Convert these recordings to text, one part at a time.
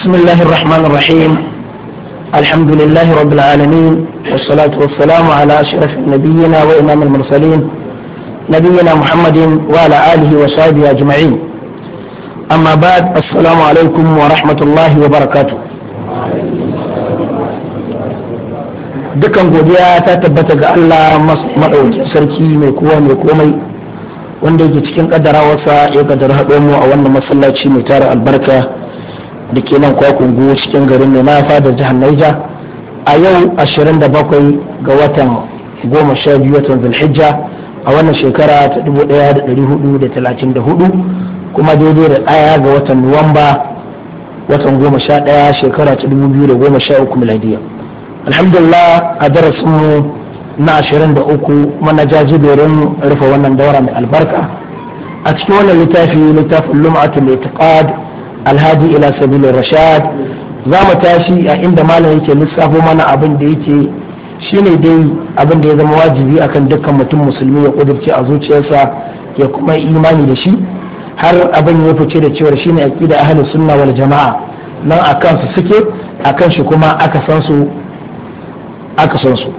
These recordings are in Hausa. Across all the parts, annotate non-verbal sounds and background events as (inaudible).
بسم الله الرحمن الرحيم الحمد لله رب العالمين والصلاة والسلام على أشرف نبينا وإمام المرسلين نبينا محمد وعلى آله وصحبه أجمعين أما بعد السلام عليكم ورحمة الله وبركاته dukan godiya ta tabbata ga Allah maɗauki sarki mai kowa mai komai wanda yake cikin ƙaddarawarsa ya ƙaddara haɗo mu a wannan masallaci mai tara albarka da ke nan kwakungu cikin garin mai mafa da jihar naija a yau 27 ga watan goma sha biyu watan zulhijja a wannan shekara ta 1434 kuma daidai da ɗaya ga watan nuwamba watan goma sha ɗaya shekara ta 2013 miladiya alhamdulillah a darasinmu na 23 mana jajiberin rufe wannan daura mai albarka a cikin wannan littafi littafin lum'atul itiqad alhadi ila sabilin rashad za mu tashi a inda malam yake lissafo mana abin da yake shine dai abin da ya zama wajibi akan dukkan mutum musulmi ya kudurce a zuciyarsa ya kuma imani da shi har abin ya fice da cewar shine aqida ahlus sunna wal jamaa nan akan su suke akan shi kuma aka san su aka san su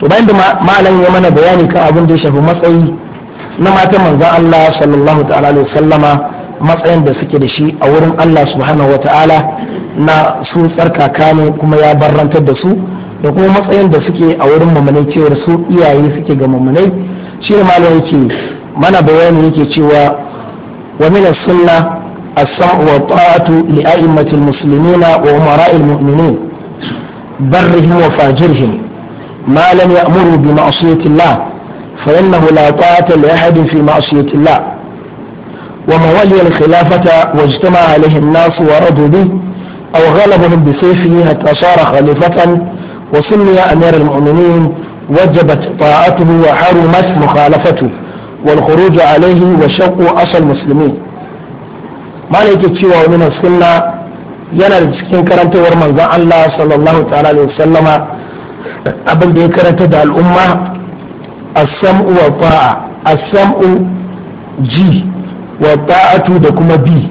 to bayan da malam ya mana bayani kan abin da ya shafi matsayi na matan manzon Allah sallallahu ta'ala alaihi matsayin da suke da shi a wurin Allah subhanahu wata'ala na su tsarkaka ne kuma ya barrantar da su da kuma matsayin da suke a wurin mamanai cewar su iyaye suke ga mamanai shi ne malam yake mana bayani yake cewa wa min sunna as-sam'u wa ta'atu li a'immatil muslimina wa umara'il mu'minin barrihim wa fajirhim ma lam ya'muru bi ma'siyati Allah fa innahu la ta'ata li ahadin fi ma'siyati Allah ومن ولي الخلافة واجتمع عليه الناس ورضوا به أو غلبهم بسيفه حتى صار خليفة وسمي أمير المؤمنين وجبت طاعته وحرمت مخالفته والخروج عليه وشق أصل المسلمين ما لك cewa من السنة yana da cikin karantawar manzon Allah sallallahu ta'ala alaihi wasallama abin da ya karanta da al'umma as-sam'u wa ta'a as-sam'u ji wa ta'atu da kuma bi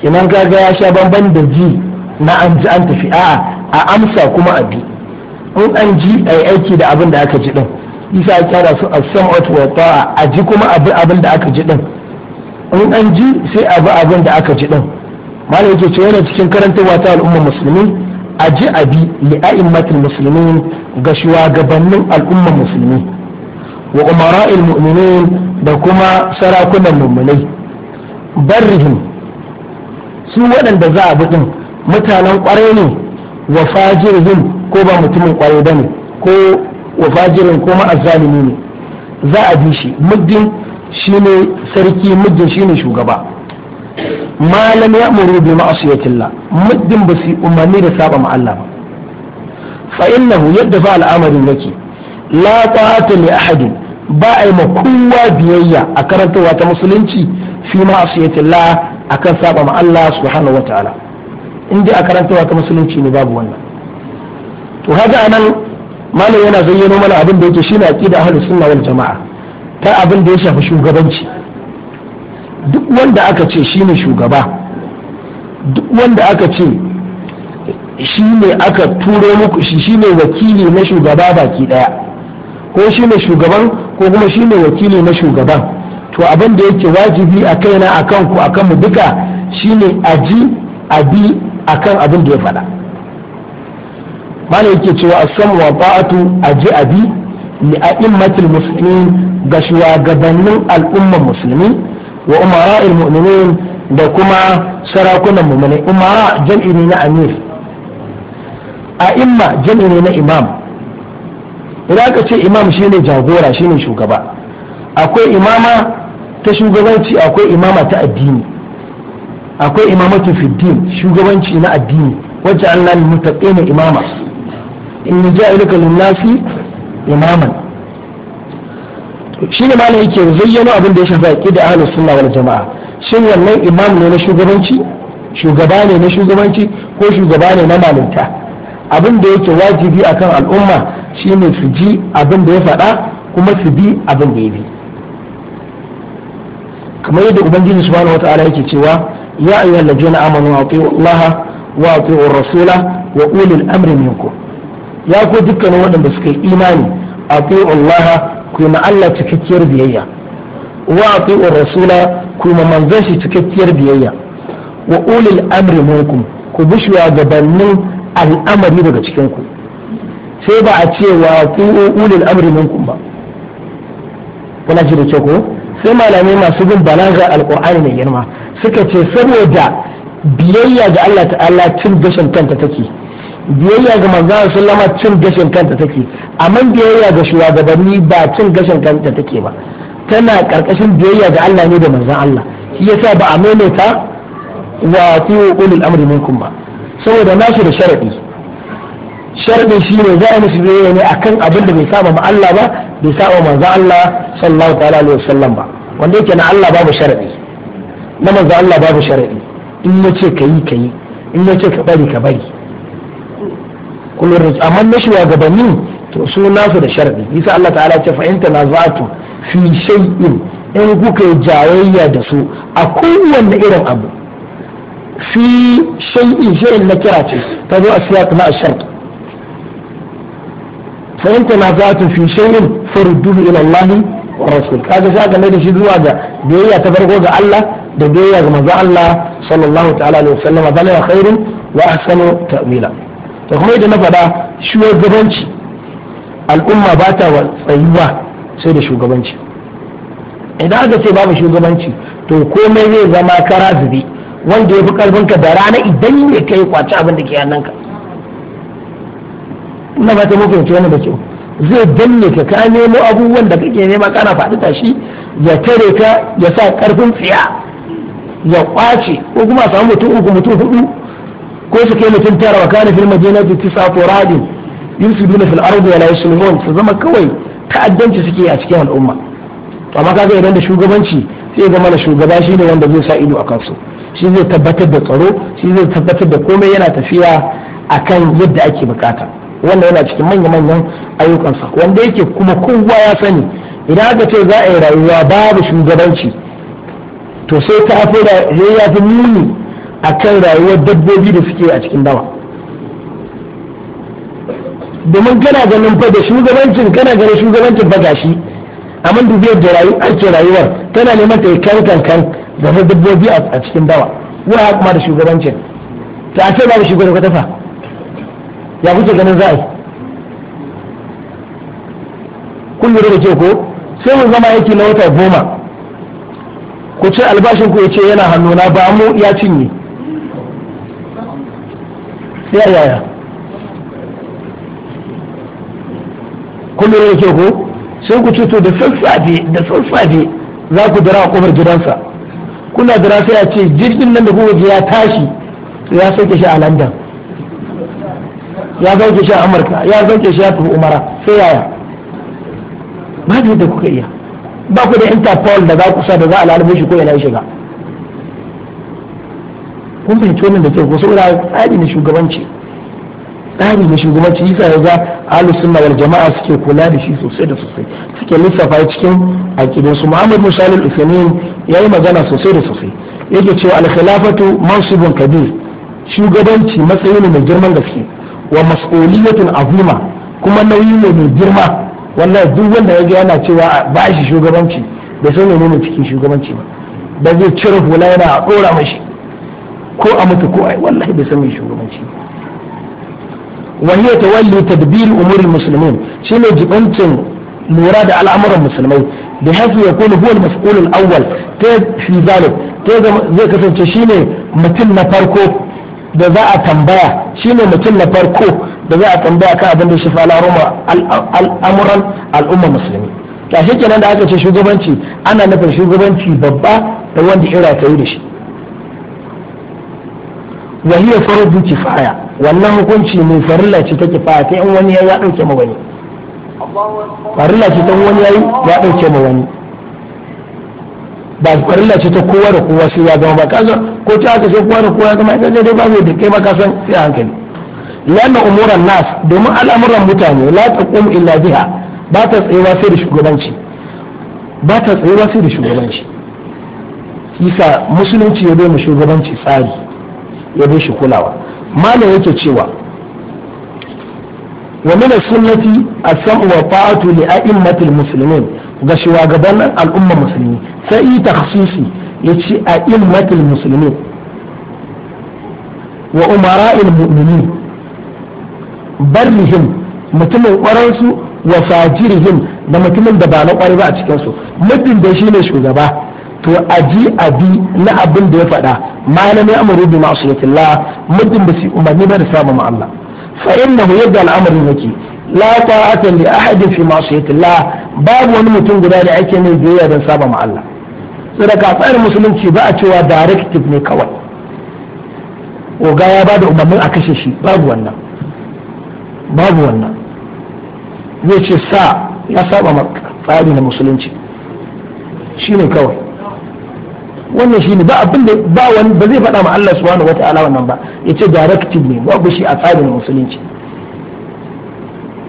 kinan kaga ya sha banban da ji na an ji an tafi a'a a amsa kuma a bi in an ji a yi aiki da abin da aka ji din isa ya kyara su as wata wa ta'a a ji kuma abin da aka ji din in an ji sai a bi abin da aka ji din malam yake cewa yana cikin karantarwa ta al'ummar musulmi a ji a bi li'a'immatul musulmin ga shugabannin al'umma musulmi wa umara'il mu'minin da kuma sarakunan mummunai barrihim su waɗanda za a buɗin mutanen ƙwarai ne wa fajirhim ko ba mutumin ƙwarai ba ne ko wa fajirin ko ma'azzalimi ne za a bi shi muddin ne sarki muddin shine shugaba malam ya amuru bi ma'asiyatillah muddin ba su umarni da saba ma Allah ba fa yadda fa al'amarin yake la ta'ata li ahadin ba a yi ma biyayya a karantarwa ta musulunci fi ma'asiyatillah akan saba ma Allah subhanahu wa in inda a karantarwa ta musulunci ne babu wannan to haka anan malam yana zayyano mana abin da yake shine aqida ahlus sunna wal jamaa ta abin da ya shafi shugabanci duk wanda aka ce shine shugaba duk wanda aka ce shi ne aka turo muku shi shi ne wakili na shugaba baki ɗaya, ko shi ne shugaban ko kuma shi ne wakili na shugaban to abin da yake wajibi a kaina a kanku a kanmu duka shine a ji a bi a kan abin da ya faɗa mana yake cewa asamu wa ba'atu a ji a bi li a'immatil muslimin ga shugabannin al'ummar musulmi wa umara ilmu'minin da kuma sarakunan mu'mini umara jam'i ne na amir a'imma jam'i ne na imam idan aka ce imam shine jagora shine shugaba akwai imama ta shugabanci akwai imama ta addini akwai imamatu fiddin shugabanci na addini wacce Allah ne mutaqina imama in ja ilaka nasi imaman shine ne yake zayyano abin da ya shafi aqida ahlus sunna wal jamaa shin wannan imam ne na shugabanci shugaba ne na shugabanci ko shugaba ne na malinta abin da yake wajibi akan al'umma shine su ji abin da ya faɗa kuma su bi abin da ya bi kamar yadda ubangiji subhanahu wata'ala yake cewa ya ayyuhal ladina amanu atiu allaha wa atiu rasula wa ulil amri minkum ya ku dukkanin waɗanda suka yi imani atiu allaha ku ma Allah cikakkiyar biyayya wa atiu rasula ku ma manzon shi cikakkiyar biyayya wa ulil amri minkum ku bi shugabannin al'amari daga cikin ku sai ba a ce wa ulil amri minkum ba kuna ji da ce ko sai malamai masu bin balagar alqur'ani mai girma suka ce saboda biyayya ga Allah ta'ala cin gashin kanta take biyayya ga manzon sallama cin gashin kanta take amma biyayya ga shugabanni ba cin gashin kanta take ba tana karkashin biyayya ga Allah ne da manzon Allah shi yasa ba a maimaita wa fi ulul amri minkum ba saboda nasu da sharadi sharɗi shi ne za a yi mishi biyayya ne akan abin da bai saba ma Allah ba bai saba manzo Allah sallallahu ta'ala alaihi wasallam ba wanda yake na Allah babu sharadi na manzo Allah babu sharadi in yace kayi kayi in yace ka bari ka bari kullun amma na shugabanni to su nasu da sharadi yasa Allah ta'ala ya ce fa in tanaza'tu fi shay'in in kuka yi jayayya da su a kowanne irin abu fi shay'in shay'in na kira ce ta zo a siyaq na ashart fa in tanaza'tum fi shay'in farudduhu ilallahi Allah wa rasul kaga sai ga da shi zuwa ga biyayya ta farko ga Allah da biyayya ga manzon Allah sallallahu ta'ala alaihi wasallam zalika khairun wa ahsanu ta'wila to kuma idan na faɗa shugabanci al'umma ba ta tsayuwa sai da shugabanci idan aka ce babu shugabanci to komai zai zama ka zube wanda ya fi karfinka da rana idan ne kai kwaci abin da ke hannunka ina ba ta muku yanke wani da kyau zai danne ka ka nemo abubuwan da kake nema kana faɗi tashi ya tare ka ya sa karfin tsiya ya kwace ko kuma samu mutum uku mutum hudu ko su kai mutum tara wa kana fil madinati tisa furadin yusibuna fil ardi wa la yuslihun su zama kawai ta'addanci suke a cikin al'umma to amma kaga idan da shugabanci sai zama mana shugaba shine wanda zai sa ido a kansu shi zai tabbatar da tsaro shi zai tabbatar da komai yana tafiya akan yadda ake bukata wanda yana cikin manya-manyan ayyukansa wanda yake kuma kowa ya sani idan aka ce za a yi rayuwa babu shugabanci to sai ta hafi ya fi muni a kan rayuwar dabbobi da suke a cikin dawa domin kana ganin fa da shugabancin kana ganin shugabancin fa gashi amma duk yadda rayu ake rayuwar tana neman ta yi kankan kan da dabbobi a cikin dawa wa kuma da shugabancin ta ce ba da ka tafa. ya kuke ganin za a yi kun lura da ke ko sai mu zama yake na wata goma ku ce albashin ku ya ce yana hannuna ba mu ya cinye sai yaya kun lura da ke ko sai ku ce to da sassafe da sassafe za ku dira a kofar gidansa kuna dira sai ya ce jirgin nan da kuka ya tashi ya sauke shi a landan ya zauke shi a amurka ya zauke shi ya tafi umara sai yaya ba da yadda kuka iya ba ku da interpol da za ku sa da za a lalubo shi ko ina shiga kun fahimci wannan da ke kusa saboda tsari na shugabanci tsari na shugabanci yasa ya ga ahlus sunna wal jama'a suke kula da shi sosai da sosai suke lissafa cikin aqidun su Muhammad Musa al-Uthaymeen yayi magana sosai da sosai yake cewa al-khilafatu mansibun kabir shugabanci matsayi ne mai girman gaske wa mas'uliyatun azima kuma nauyi ne mai girma wallahi duk wanda ya yana cewa ba shi shugabanci bai san menene cikin shugabanci ba da zai cire hula yana a dora mashi ko a mutu ko ai wallahi bai san mai shugabanci wa hiya tawalli tadbir umuri muslimin shine jibancin lura da al'amuran musulmai da hasu ya kone huwa mas'ulul awwal ta fi zalik ta zai kasance shine mutum na farko da za a tambaya shine mutum na farko da za a tambaya kan abin da shi fa al'amuran al'umma musulmi kashe kenan da aka ce shugabanci ana nufin shugabanci babba da wanda ira ta yi da shi wa hiya fardu kifaya wannan hukunci mai farilla ce ta kifaya ta yan wani ya dauke ma wani farilla ce ta wani ya dauke ma wani ba farilla ce ta kowa da kowa sai ya zama ba kaza ko ta aka sai kowa da kowa ya zama kaza dai ba zai da ba ka san sai hankali lanna umuran nas domin al'amuran mutane la taqum illa biha ba ta tsayewa sai da shugabanci ba ta tsayewa sai da shugabanci isa musulunci ya bai mu shugabanci tsari ya bai shi kulawa malam yake cewa wa min as-sunnati as-sam'u wa ta'atu li a'immatil muslimin ga shugaban al'ummar musulmi sai yi takhsisi ya ci a ilmatul musulmi wa umara'il mu'minin barrihim mutumin ƙwararsu wa fajirihim da mutumin da ba na ƙwarai ba a cikinsu muddin da shi ne shugaba to a ji a bi na abin da ya faɗa malamai amuru bi ma'asiyatillah muddin ba su umarni ba da samu ma Allah fa innahu yadda al'amarin yake la ta'ata li ahadin fi ma'asiyatillah babu wani mutum guda da ake min biyayya don saba ma Allah sadaka tsayar musulunci ba a cewa directive ne kawai oga ya ba da umarnin a kashe shi babu wannan babu wannan zai ce sa ya saba ma tsari na musulunci shi ne kawai wannan shi ne ba abin da ba wani ba zai faɗa ma Allah subhanahu ta'ala wannan ba ya ce directive ne babu shi a tsarin musulunci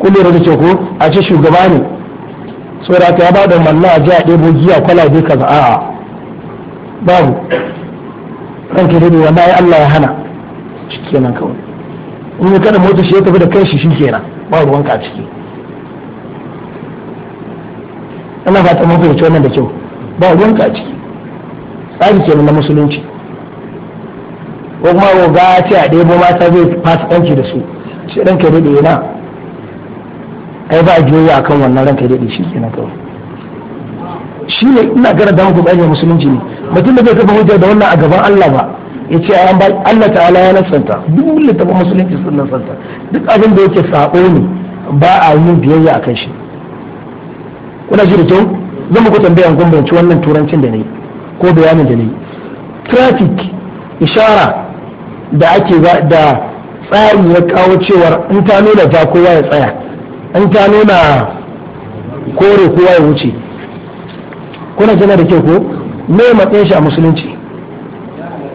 Kullum da ce ko a ce shugaba ne saboda aka ya bada malla a ji a ɗebo giya kwalabe kaza a babu ke dai wanda ya Allah ya hana kenan kawai in ya kada mota shi ya tafi da kanshi shikenan ba ruwanka a ciki ana fata mun fahimci wannan da kyau ba ruwanka a ciki tsari kenan na musulunci ko kuma ga ce a ɗebo mata zai ɗanki da su shi ke dai yana ai ba a juyoyi akan wannan ranka daɗi shi ke nan kawai shi ne ina gara da muku ainihin musulunci ne mutum da zai kafa hujjar da wannan a gaban Allah ba ya ce an ba Allah ta'ala ya nasanta duk littafin musulunci sun nasanta duk abin da yake sabo ne ba a yi biyayya akan shi kuna ji da kyau zan muku tambaya an gumbanci wannan turancin da ne ko bayanin da ne traffic ishara da ake da tsari ya kawo cewar in ta nuna ja kowa ya tsaya in ta nuna kore kowa ya wuce kuna jana da kyau ko me matsayin shi a musulunci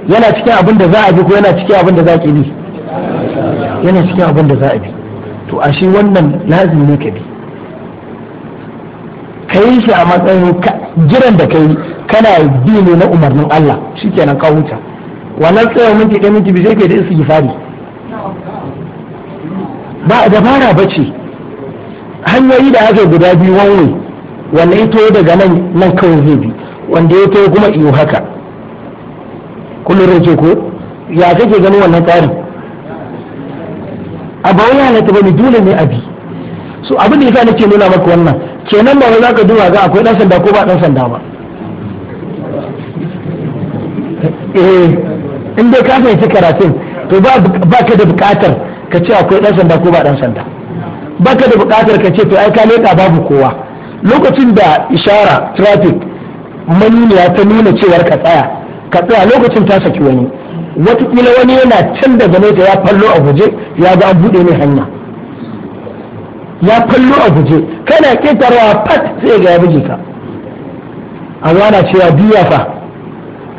yana cikin abin da za a bi ko yana cikin abin da za ki bi yana cikin abin da za a bi to a shi wannan lazimi ne ka bi ka yi shi a matsayin jiran da ka yi kana bi ne na umarnin Allah shi kenan ka huta wannan tsaye minti ɗaya minti bi? sai ka yi da istighfari ba dabara ba ce hanyoyi da aka guda biyu wani wanda ya toyo daga nan nan kawai zai bi wanda ya toyo kuma iyo haka kullum rage ko ya kake ganin wannan tsarin a ba wani halatta ne dole ne a bi so abin da ya yasa nake nuna maka wannan kenan ba wai ka duba ga akwai dan sanda ko ba dan sanda ba eh in dai ka fahimci karatun to ba ka da bukatar ka ce akwai dan sanda ko ba dan sanda baka da bukatar ka ce to ai ka babu kowa lokacin da ishara traffic manuniya ta nuna cewar ka tsaya ka tsaya lokacin ta saki wani watakila wani yana can daga ya fallo a guje ya ga an buɗe mai hanya ya fallo a guje kana ketarwa fat sai ga ya buge ka amma na cewa biya fa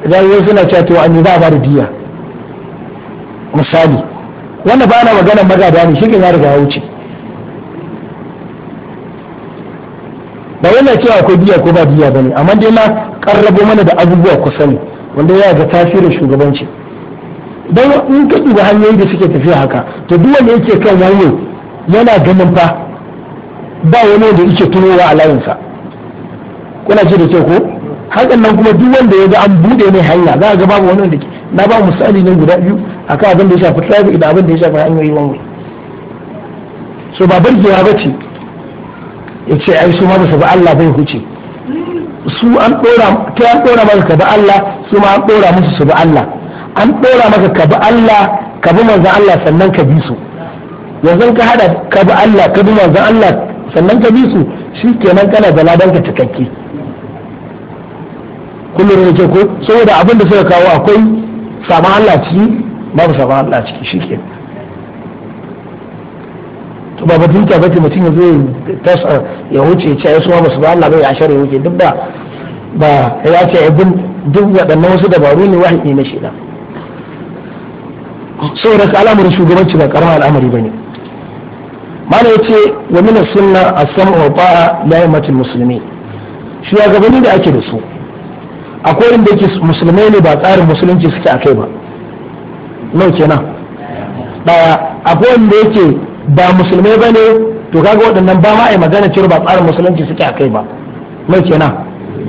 idan yau suna cewa to an za a ba da biya misali wannan ba na magana magada ni shi ya riga ya wuce ba yana cewa akwai biya ko ba biya bane amma dai na karrabo mana da abubuwa kusa ne wanda ya ga tasirin shugabanci don in ka duba hanyoyi da suke tafiya haka to duk wanda yake kan wanyo yana ganin fa ba wani da yake tunowa a layinsa kuna ce da kyau ko hakan nan kuma duk wanda ya ga an bude ne hanya za a ga babu wani wanda na ba misali ne guda biyu akan abin da ya shafi traffic da abin da ya shafi hanyoyi wani so ba barkewa ba ce ya ce ai su ma ba su ba Allah bai huce su an dora ta an dora maka ka ba Allah su ma an dora musu su ba Allah an dora maka ka ba Allah ka bi manzon Allah sannan ka bi su yanzu ka hada ka bi Allah ka bi manzon Allah sannan ka bi su shi kenan kana da ladan ka cikakke kullum ne ce ko saboda abin da suka kawo akwai sama Allah ciki babu sama Allah ciki shi kenan to ba batun ta bace mutum ya zo tasa ya wuce ce ya suwa musu ba Allah bai ashar ya wuce duk ba ba ya ce ya bin duk waɗannan wasu dabaru ne wahayi na shida saboda ka al'amarin shugabanci ba karamin al'amari ne mana ce wa min sunna a samu wa ta'a laimatul musulmi shugabanni da ake da su akwai inda yake musulmai ne ba tsarin musulunci suke a kai ba nau kenan daya akwai inda yake ba musulmai ba ne to kaga waɗannan ba ma a yi magana cewa ba tsarin musulunci suke a kai ba mai kenan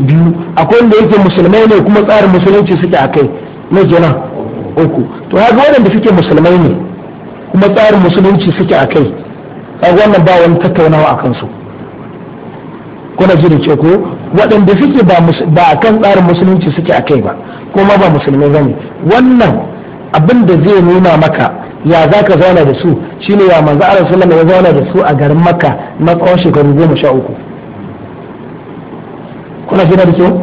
biyu akwai wanda yake musulmai ne kuma tsarin musulunci suke a kai mai kenan uku to kaga waɗanda suke musulmai ne kuma tsarin musulunci suke a kai kaga wannan ba wani tattaunawa a kansu kuna ji da ke ko waɗanda suke ba a kan tsarin musulunci suke a kai ba kuma ba musulmai ba ne wannan abin da zai nuna maka ya za ka zauna da su Shi ne ya manzo Allah sallallahu ya zauna da su a garin Makka na tsawon shekaru goma sha uku kuna jina da kyau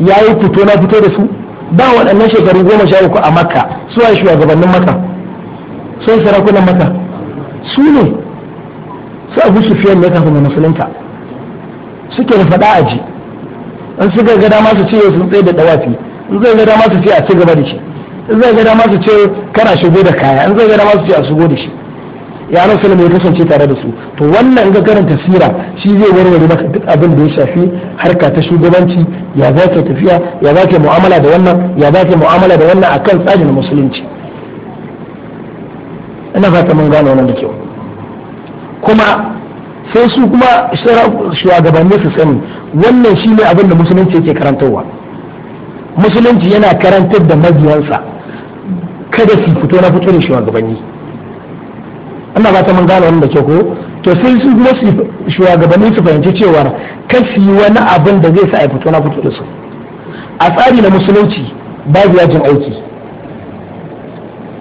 ya yi fito na fito da su ba waɗannan shekaru goma sha uku a Makka su a shugabannin Makka su a sarakunan Makka su ne su Abu Sufyan ne kafin musulunta suke da faɗa aji in su ga dama su ce sun tsaye da dawafi in zai ga dama su ce a ci gaba da shi in zai gada masu ce kana shigo da kaya in zai gada masu ce a shigo da shi ya nan film ya kasance tare da su to wannan ga karanta sira shi zai warware maka duk abin da ya shafi harka ta shugabanci ya za ka tafiya ya za ka mu'amala da wannan ya za ka mu'amala da wannan akan tsarin musulunci ina fata mun gane wannan da kyau kuma sai su kuma shugabanni su sani wannan shi ne abin da musulunci yake karantarwa musulunci yana karantar da mabiyansa kada su fito na fito da shugabanni ana ba ta mun gane wanda da ke ko to sai su kuma su shugabanni su fahimci cewa kar su yi wani abin da zai sa a fito na fito da su a tsari na musulunci babu yajin aiki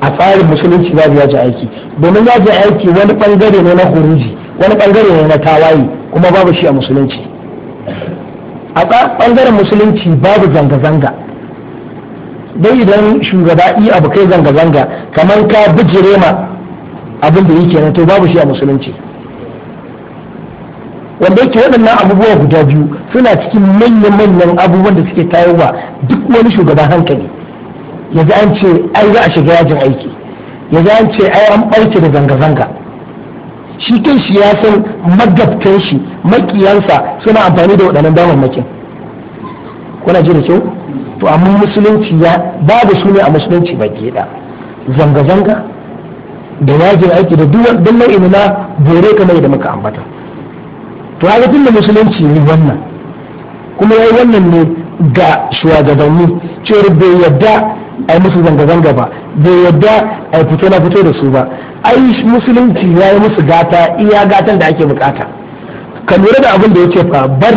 a tsarin musulunci babu yajin aiki domin yajin aiki wani bangare ne na huruji wani bangare ne na tawaye kuma babu shi a musulunci a bangaren musulunci babu zanga-zanga dai idan shugaba iya abu kai zanga-zanga kamar ka bijire ma abin da yake nan to babu shi a musulunci wanda yake waɗannan abubuwa guda biyu suna cikin manyan-manyan abubuwan da suke tayarwa duk wani shugaba hankali yanzu an ce ai za a shiga yajin aiki yanzu an ce ai an ɓarke da zanga-zanga shi kan shi ya san magabtan shi makiyansa suna amfani da waɗannan damarmakin kuna ji da kyau to amma musulunci ya babu su ne a musulunci baki da zanga-zanga da yajin aiki da don nau'in na bore kamar da muka ambata to haka tun da musulunci ne wannan kuma yayi wannan ne ga shugabanni cewar bai yadda a yi musu zanga-zanga ba bai yadda a yi fito na fito da su ba ai musulunci ya yi musu gata iya gatan da ake bukata ka lura da abin da ya ce fa bar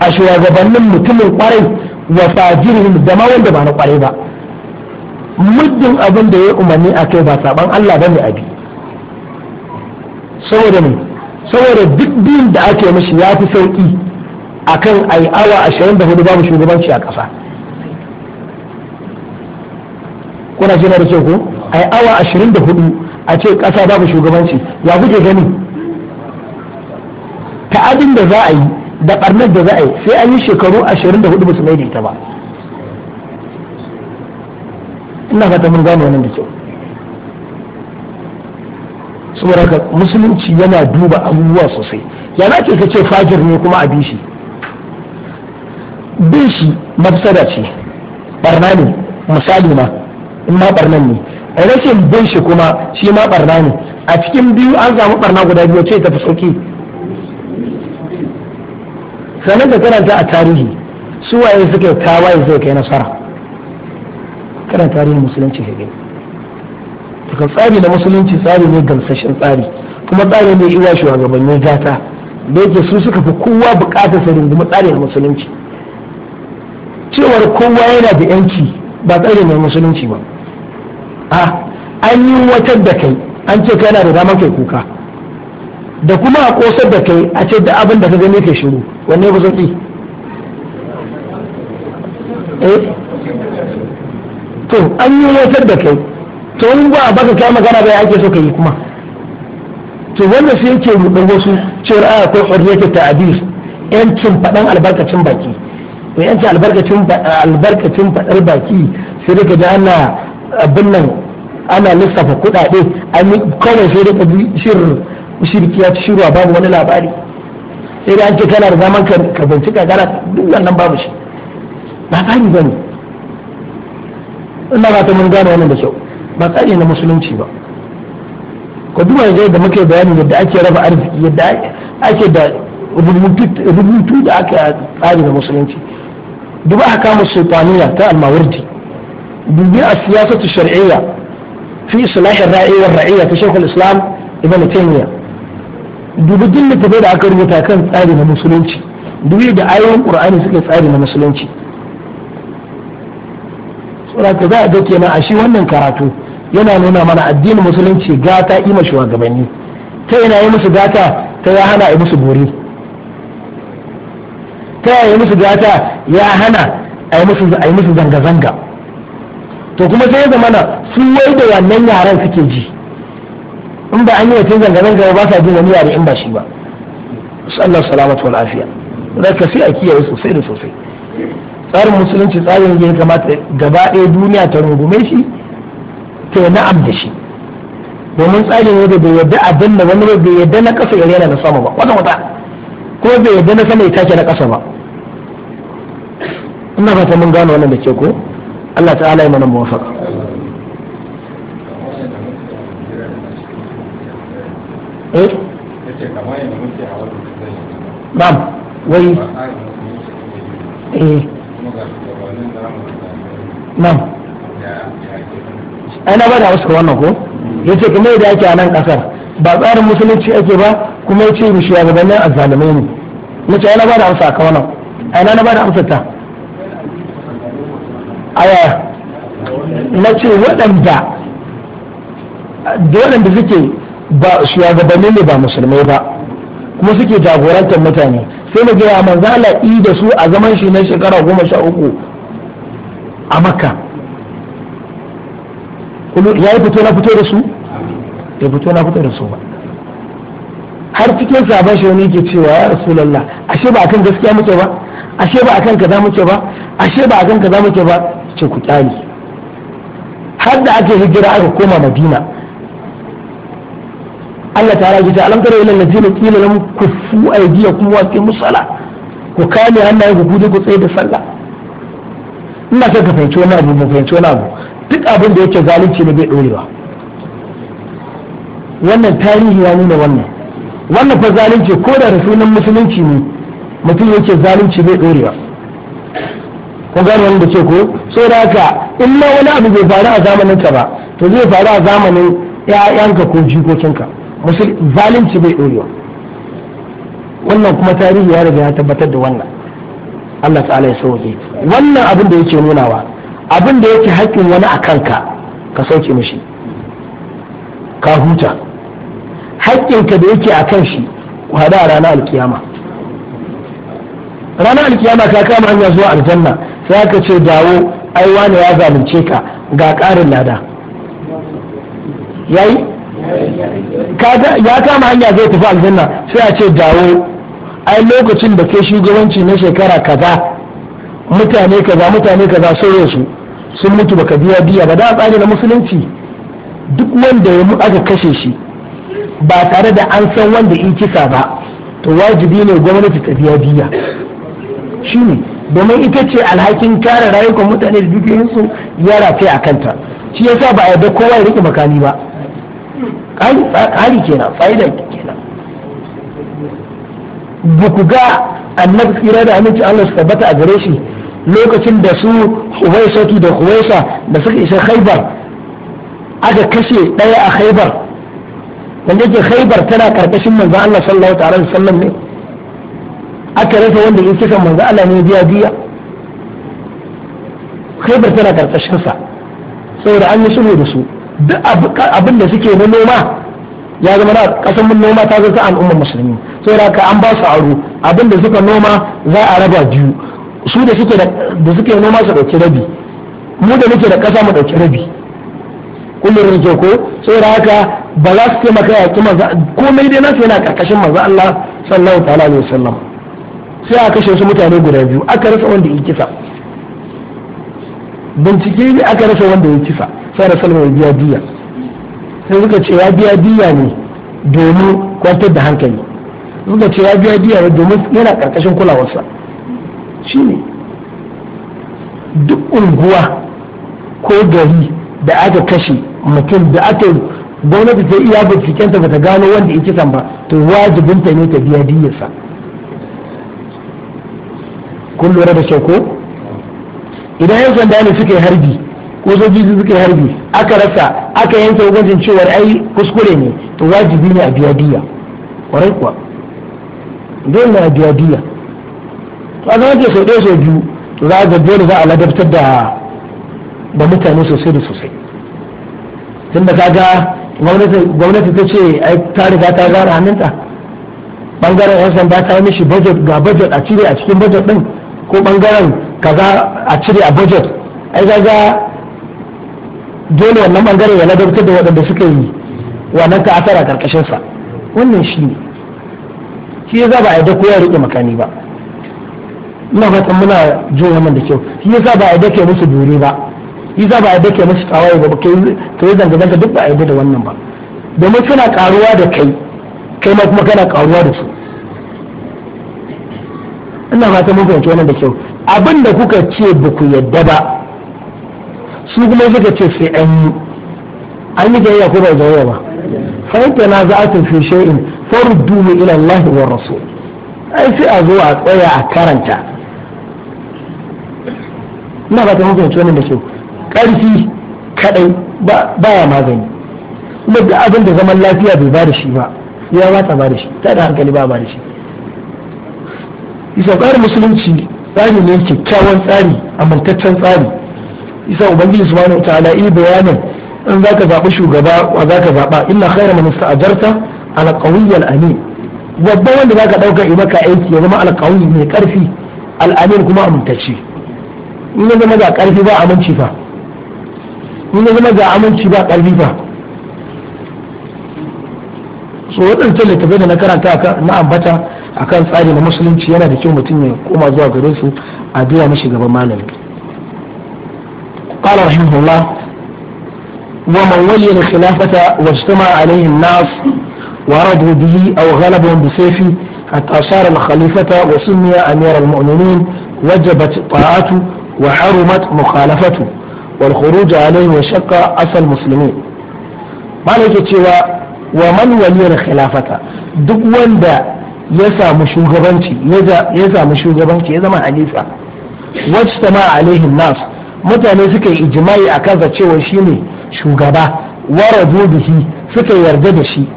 a shugabannin mutumin kwarai wa fajirihim da ma wanda ba na kwarai ba muddin abin da ya umarni a kai ba saban Allah bane abi saboda ne saboda duk biyun da ake mishi ya fi sauki akan ai awa 24 babu shugabanci a ƙasa kuna jina da ko ai awa 24 a ce ƙasa babu shugabanci ya kuke gani ta abin da za a yi da barnar da za a yi sai an yi shekaru 24 ba su mai da ba ina fata mun gane wannan da kyau saboda musulunci yana duba abubuwa sosai ya ce ka ce fajir ne kuma a bishi bishi mafisada ce barna ne misali ma in ma barnan ne rashin bishi kuma shi ma barna ne a cikin biyu an samu barna guda biyu ce ta fi sauki sannan ka karanta a tarihi su waye suke tawaye zai kai nasara kana tarihin musulunci ke gani daga tsari na musulunci tsari ne gamsashen tsari kuma tsari ne iwa shugabannin gata da yake su suka fi kowa bukatar sa rungumi tsari na musulunci cewar kowa yana da yanki ba tsari ne musulunci ba a an yi wata da kai an ce kai yana da damar kai kuka da kuma a kosar da kai a ce da abin da ka gani kai shiru wanne ba zan eh? to an yi wasar da kai to in ba a baka kai magana bai ake so ka yi kuma to wanda sai yake rudan wasu cewar aya ah, akwai ta ta'bir yancin faɗan albarkacin baki ko yancin albarkacin albarkacin faɗar baki sai daga da ana abin nan ana lissafa kuɗaɗe an kawai sai bi shirin mushriki ya ci shirwa babu wani labari sai dai da ake kana da zaman ka bincika kana duk wannan babu shi ba tsari ba ne ina ba ta mun gane wannan da kyau ba tsari na musulunci ba ku duba yanzu da muke bayani yadda ake raba arziki yadda ake da rubutu da aka tsari na musulunci duba haka musulmaniya ta almawardi dubi a siyasatu shar'iyya fi islahin ra'i wa ta shekul islam ibn taymiyyah dubi duk littafai da aka rubuta kan tsari na musulunci dubi da ayoyin qur'ani suke tsari na musulunci Sura ta za a ga kenan a shi wannan karatu yana nuna mana addinin musulunci gata ima shugabanni ta yana yi musu gata ta ya hana yi musu bore ta ya yi musu gata ya hana a yi musu zanga-zanga to kuma sai zamana su wai da wannan yaran suke ji in ba an yi yakin zanga-zanga ba sa jin wani yare in ba shi ba sallar salamatu wal afiya da ka sai a kiyaye sosai da sosai tsarin musulunci tsarin ya kamata gaba ɗaya duniya ta rungume shi ta yi na'am da shi domin tsarin yadda bai yadda abin da wani bai yadda na ƙasa ya rena na sama ba wata wata ko bai yadda na sama ya take na ƙasa ba ina fata mun gano wannan da ke ko Allah ta'ala ya mana muwafaqa eh wai eh na'am ai na bada wasu wannan ko mm. ce kuma yadda ake a nan kasar ba tsarin musulunci ake ba kuma ya ce mu shugabannin azzalumai ne ce ai na bada amsa ka wannan ai na da amsa ta aya ce waɗanda da waɗanda suke ba shugabanni ne ba musulmai ba kuma suke jagorantar mutane sai mu ga manzo Allah yi da su a zaman shi na shekara goma sha uku a makka ya yi fito na fito da su ya fito na fito da su ba har cikin sabon shi wani ke cewa ya rasulullah ashe ba akan gaskiya muke ba ashe ba akan kaza muke ba ashe ba akan kaza muke ba ce ku kyale har da ake hijira aka koma madina Allah ta rage ta alam nan ilal ladina qila lahum kuffu aydiyakum wa aqimus sala ku kame hannayen ku kuje ku tsaye da sallah ina son ka fahimci wani abu mu fahimci wani abu duk abin da yake zalunci ne bai ɗorewa wannan tarihi ya nuna wannan wannan fa zalunci ko da sunan musulunci ne mutum yake zalunci bai ɗorewa ko gane wani da ce ko saboda haka in ma wani abu bai faru a zamanin ka ba to zai faru a zamanin ƴaƴanka ko jikokinka zalunci bai ɗorewa wannan kuma tarihi ya riga ya tabbatar da wannan Allah ta'ala ya sauke wannan abin da yake nunawa abin da yake haƙƙin wani a kanka ka sauke mishi ka huta haƙƙinka da yake a kan shi ku hada a ranar alkiyama ranar alkiyama ka kama hanya zuwa aljanna sai aka ce dawo ai wani ya zalunce ka ga ƙarin lada yayi ya kama hanya zai tafi aljanna sai a ce dawo ai lokacin da ke shugabanci na shekara kaza mutane kaza mutane kaza sauye su sun mutu baka biya biya ba da tsari na musulunci duk wanda ya mu aka kashe shi ba tare da an san wanda in kisa ba to wajibi ne gwamnati ta biya biya shine domin ita ce alhakin kare rayukan mutane da dukiyoyinsu ta yi a kanta shi yasa ba a yarda kowa ya rike makami ba kari kenan fa'idar kenan ba ku ga annabi tsira da aminci Allah su tabbata a gare shi lokacin da su huwaisatu da huwaisa da suka isa haibar aka kashe ɗaya a haibar wanda ke haibar tana karkashin manzan Allah sallallahu ta'ala da sallam ne aka rasa wanda ya kisa manzan Allah ne biya biya haibar tana karkashin sa saboda an yi sulhu da su duk abin da suke na noma ya zama na kasan mun noma ta zata al'ummar musulmi da ka an ba su aro abin da suka noma za a raba biyu su da suke da suke noma su dauki rabi mu da muke da kasa mu dauki rabi kullum ke ko sai da haka ba za su taimaka ya kuma komai dai nasu yana karkashin manzo Allah sallallahu ta'ala alaihi wasallam sai aka kashe su mutane guda biyu aka rasa wanda ya kisa bincike ne aka rasa wanda ya kisa fara salma ya biya diya sai suka ce ya biya diya ne domin kwantar da hankali suka ce ya biya diya ne domin yana karkashin kulawarsa shi ne duk unguwa ko gari da aka kashe mutum da aka gwamnati ta iya bincikenta bata gano wanda ya kisan ba to wajibinta ne ta biya diyarsa kun lura da kyau idan yan sanda ne suka yi harbi ko sojoji suka harbi aka rasa aka yanke hukuncin cewar ai kuskure ne to wajibi ne a biya diya kwarai kuwa dole ne a biya diya to a zama sau ɗaya sau biyu to za a ga dole za a ladabtar da da mutane sosai da sosai tunda ka ga gwamnati ta ce ai ta riga ta gara hannunta bangaren yan sanda ta yi mishi budget ga budget a cire a cikin budget din ko bangaren kaza a cire a budget ai ga dole wannan bangare ya ladabtar da waɗanda suka yi wannan ka asara karkashin sa wannan shi ne shi yasa ba a yadda ko ya rike makani ba ina fatan muna jin wannan da kyau shi yasa ba a yadda ke musu dore ba shi yasa ba a yadda ke musu tawaye ba kai kai zanga zanga duk ba a yadda da wannan ba domin suna karuwa da kai kai ma kuma kana karuwa da su ina fatan mun fahimci wannan da kyau abin da kuka ce ba ku yadda ba su kuma suka ce sai an yi an yi jayayya ko ba jayayya ba ta na za a tafi shay'in faruddu mu ila Allah wa rasul ai sai a zo a tsaya a karanta ina ba ta hukunci wannan da ke karfi kadai ba ya magani kuma da abin da zaman lafiya bai ba da shi ba ya ba ta ba da shi ta da hankali ba ba da shi isa tsarin musulunci tsari ne kyakkyawan tsari amintaccen tsari isa ubangiji subhanahu ta'ala yi bayanin in zaka zaɓi shugaba wa zaka zaɓa illa khairu man ista'jarta ala qawiyyil amin babba wanda zaka dauka yi maka aiki ya zama alqawi mai karfi al'amin kuma amintacce in ya zama ga karfi ba aminci fa in ya zama ga aminci ba karfi fa so waɗancan littafai da na karanta na ambata akan tsari na musulunci yana da kyau mutum ya koma zuwa garin su a biya mashi gaban malami قال رحمه الله ومن ولي الخلافة واجتمع عليه الناس وردوا به أو غلبهم بسيفه حتى صار الخليفة وسمي أمير المؤمنين وجبت طاعته وحرمت مخالفته والخروج عليه وشق أسى المسلمين ما لك wa ومن waliyar الخلافة duk دا ya samu shugabanci مشوغبانتي samu ما ya واجتمع عليه الناس mutane suka yi ijimai a kan zacewa shi ne shugaba wara bihi suka yarda da shi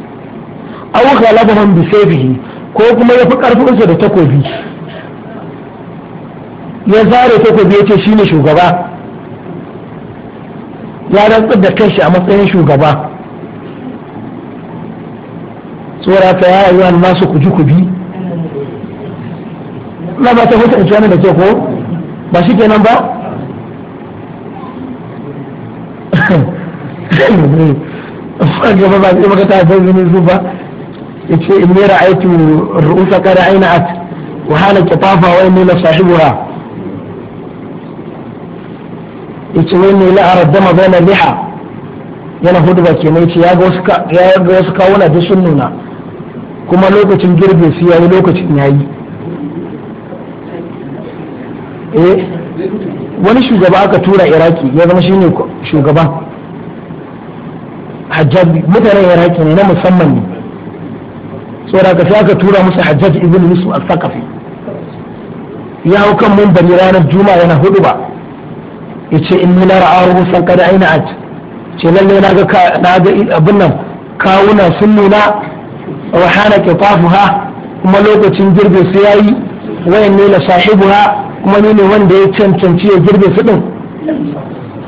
aw ghalabahum bi bihi ko kuma ya fi karfinsa da takobi ya zare takobi ya ce shi ne shugaba ya rantsar da kanshi a matsayin shugaba tsora ta ya yi nasu kuji kubi na ba ta hutu da ke ko ba shi kenan ba a gaba ba zai magata zai zini su ba ya ce in nera aiki ru'usa kada aina at wahala kitafa wa inni la sahibuha yace wai ne la araddama baina liha yana hudu ba ke yace ya ga ya ga wasu kawuna da sun nuna kuma lokacin girbe su yayi lokacin yayi eh wani shugaba aka tura iraki ya zama shi ne shugaba hajjaj mutanen iraki ne na musamman ne saboda ka sai aka tura musu hajjaj ibn yusuf al-thaqafi ya hau kan mumbari ranar juma'a yana hudu ba ya ce in nuna ra'aru san kada aina at ce lalle na ga abin nan kawuna sun nuna wa hana ke ha kuma lokacin girbe su yayi wayan ne la ha. kuma ne wanda ya cancanci ya girbe su din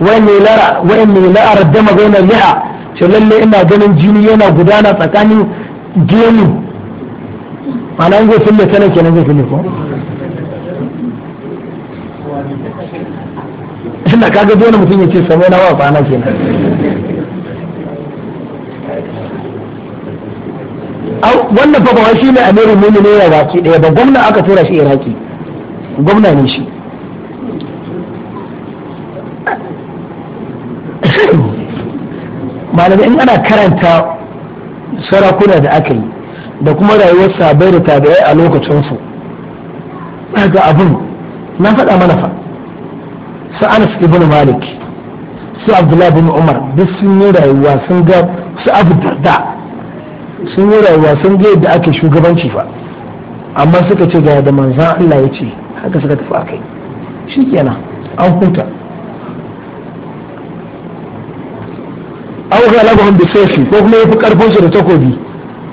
wai mai lara wai mai la'ar da magana liha ce lalle ina ganin jini yana gudana tsakanin gemu ana an zai mai tana kenan zai fulle ko inda kaga dole mutum ya ce sabo na wa tsana kenan wannan fa ba ne a merin mummuni ya baki daya ba gwamna aka tura shi iraki gwamna ne shi malamai in ana karanta sarakuna da aka yi da kuma rayuwar sabai da tabi'ai a lokacinsu ga abin na faɗa mana fa su anas ibn malik su abdullahi bin umar duk sun yi rayuwa sun ga su abu darda sun yi rayuwa sun ga yadda ake shugabanci fa amma suka ce ga da manzan Allah ya ce haka suka tafi akai shikenan an huta an ghalabahum da sosi ko kuma yafi karfin su da takobi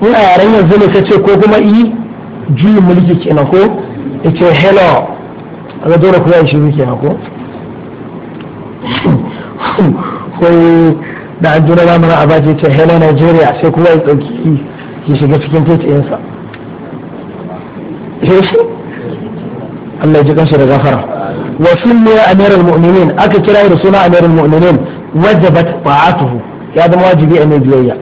in a yaren yanzu ne ce ko kuma yi juyin mulki kenan ko yace hello ga dole ku yi shiru kenan ko ko da an jira lamarin abaje ce hello Nigeria sai kuma ya ɗauki ya shiga cikin tace yansa shi Allah ji kanshi da gafara wa sunniya amirul mu'minin aka kira da suna amirul mu'minin wajabat ta'atuhu ya zama wajibi a mai biyayya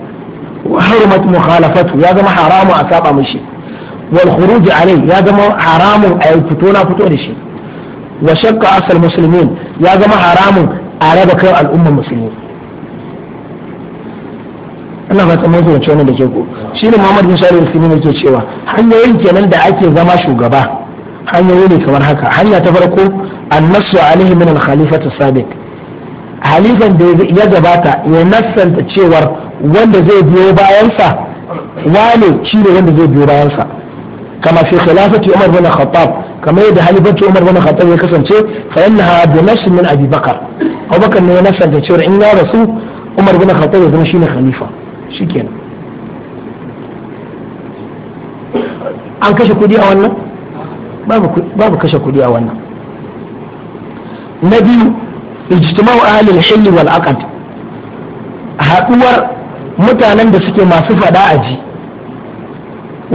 wa harumat mukhalafatu ya zama haramu a saba mishi wal khuruj alai ya zama haramun a fito na fito da shi wa shakka asal muslimin ya zama haramun a raba kai al'ummar musulmi ina ba ta mafi wance wannan da ke ku. shi ne muhammad bin salih al-sini ke cewa hanyoyin kenan da ake zama shugaba hanyoyi ne kamar haka hanya ta farko annasu alaihi min al-khalifatu sabiq halifan da ya gabata ya nassanta cewar wanda zai biyo bayansa wane shi ne wanda zai biyo bayansa kama fi khilafati umar bin khattab kama yadda halifatu umar bin khattab ya kasance fa innaha bi nass min abi bakar abubakar ne ya nassanta cewar in ya rasu umar bin khattab ya zama shine khalifa shikenan an kashe kudi a wannan babu kashe kudi a wannan na biyu ijtima'u ahlil hilli wal aqd haduwar mutanen da suke masu fada a ji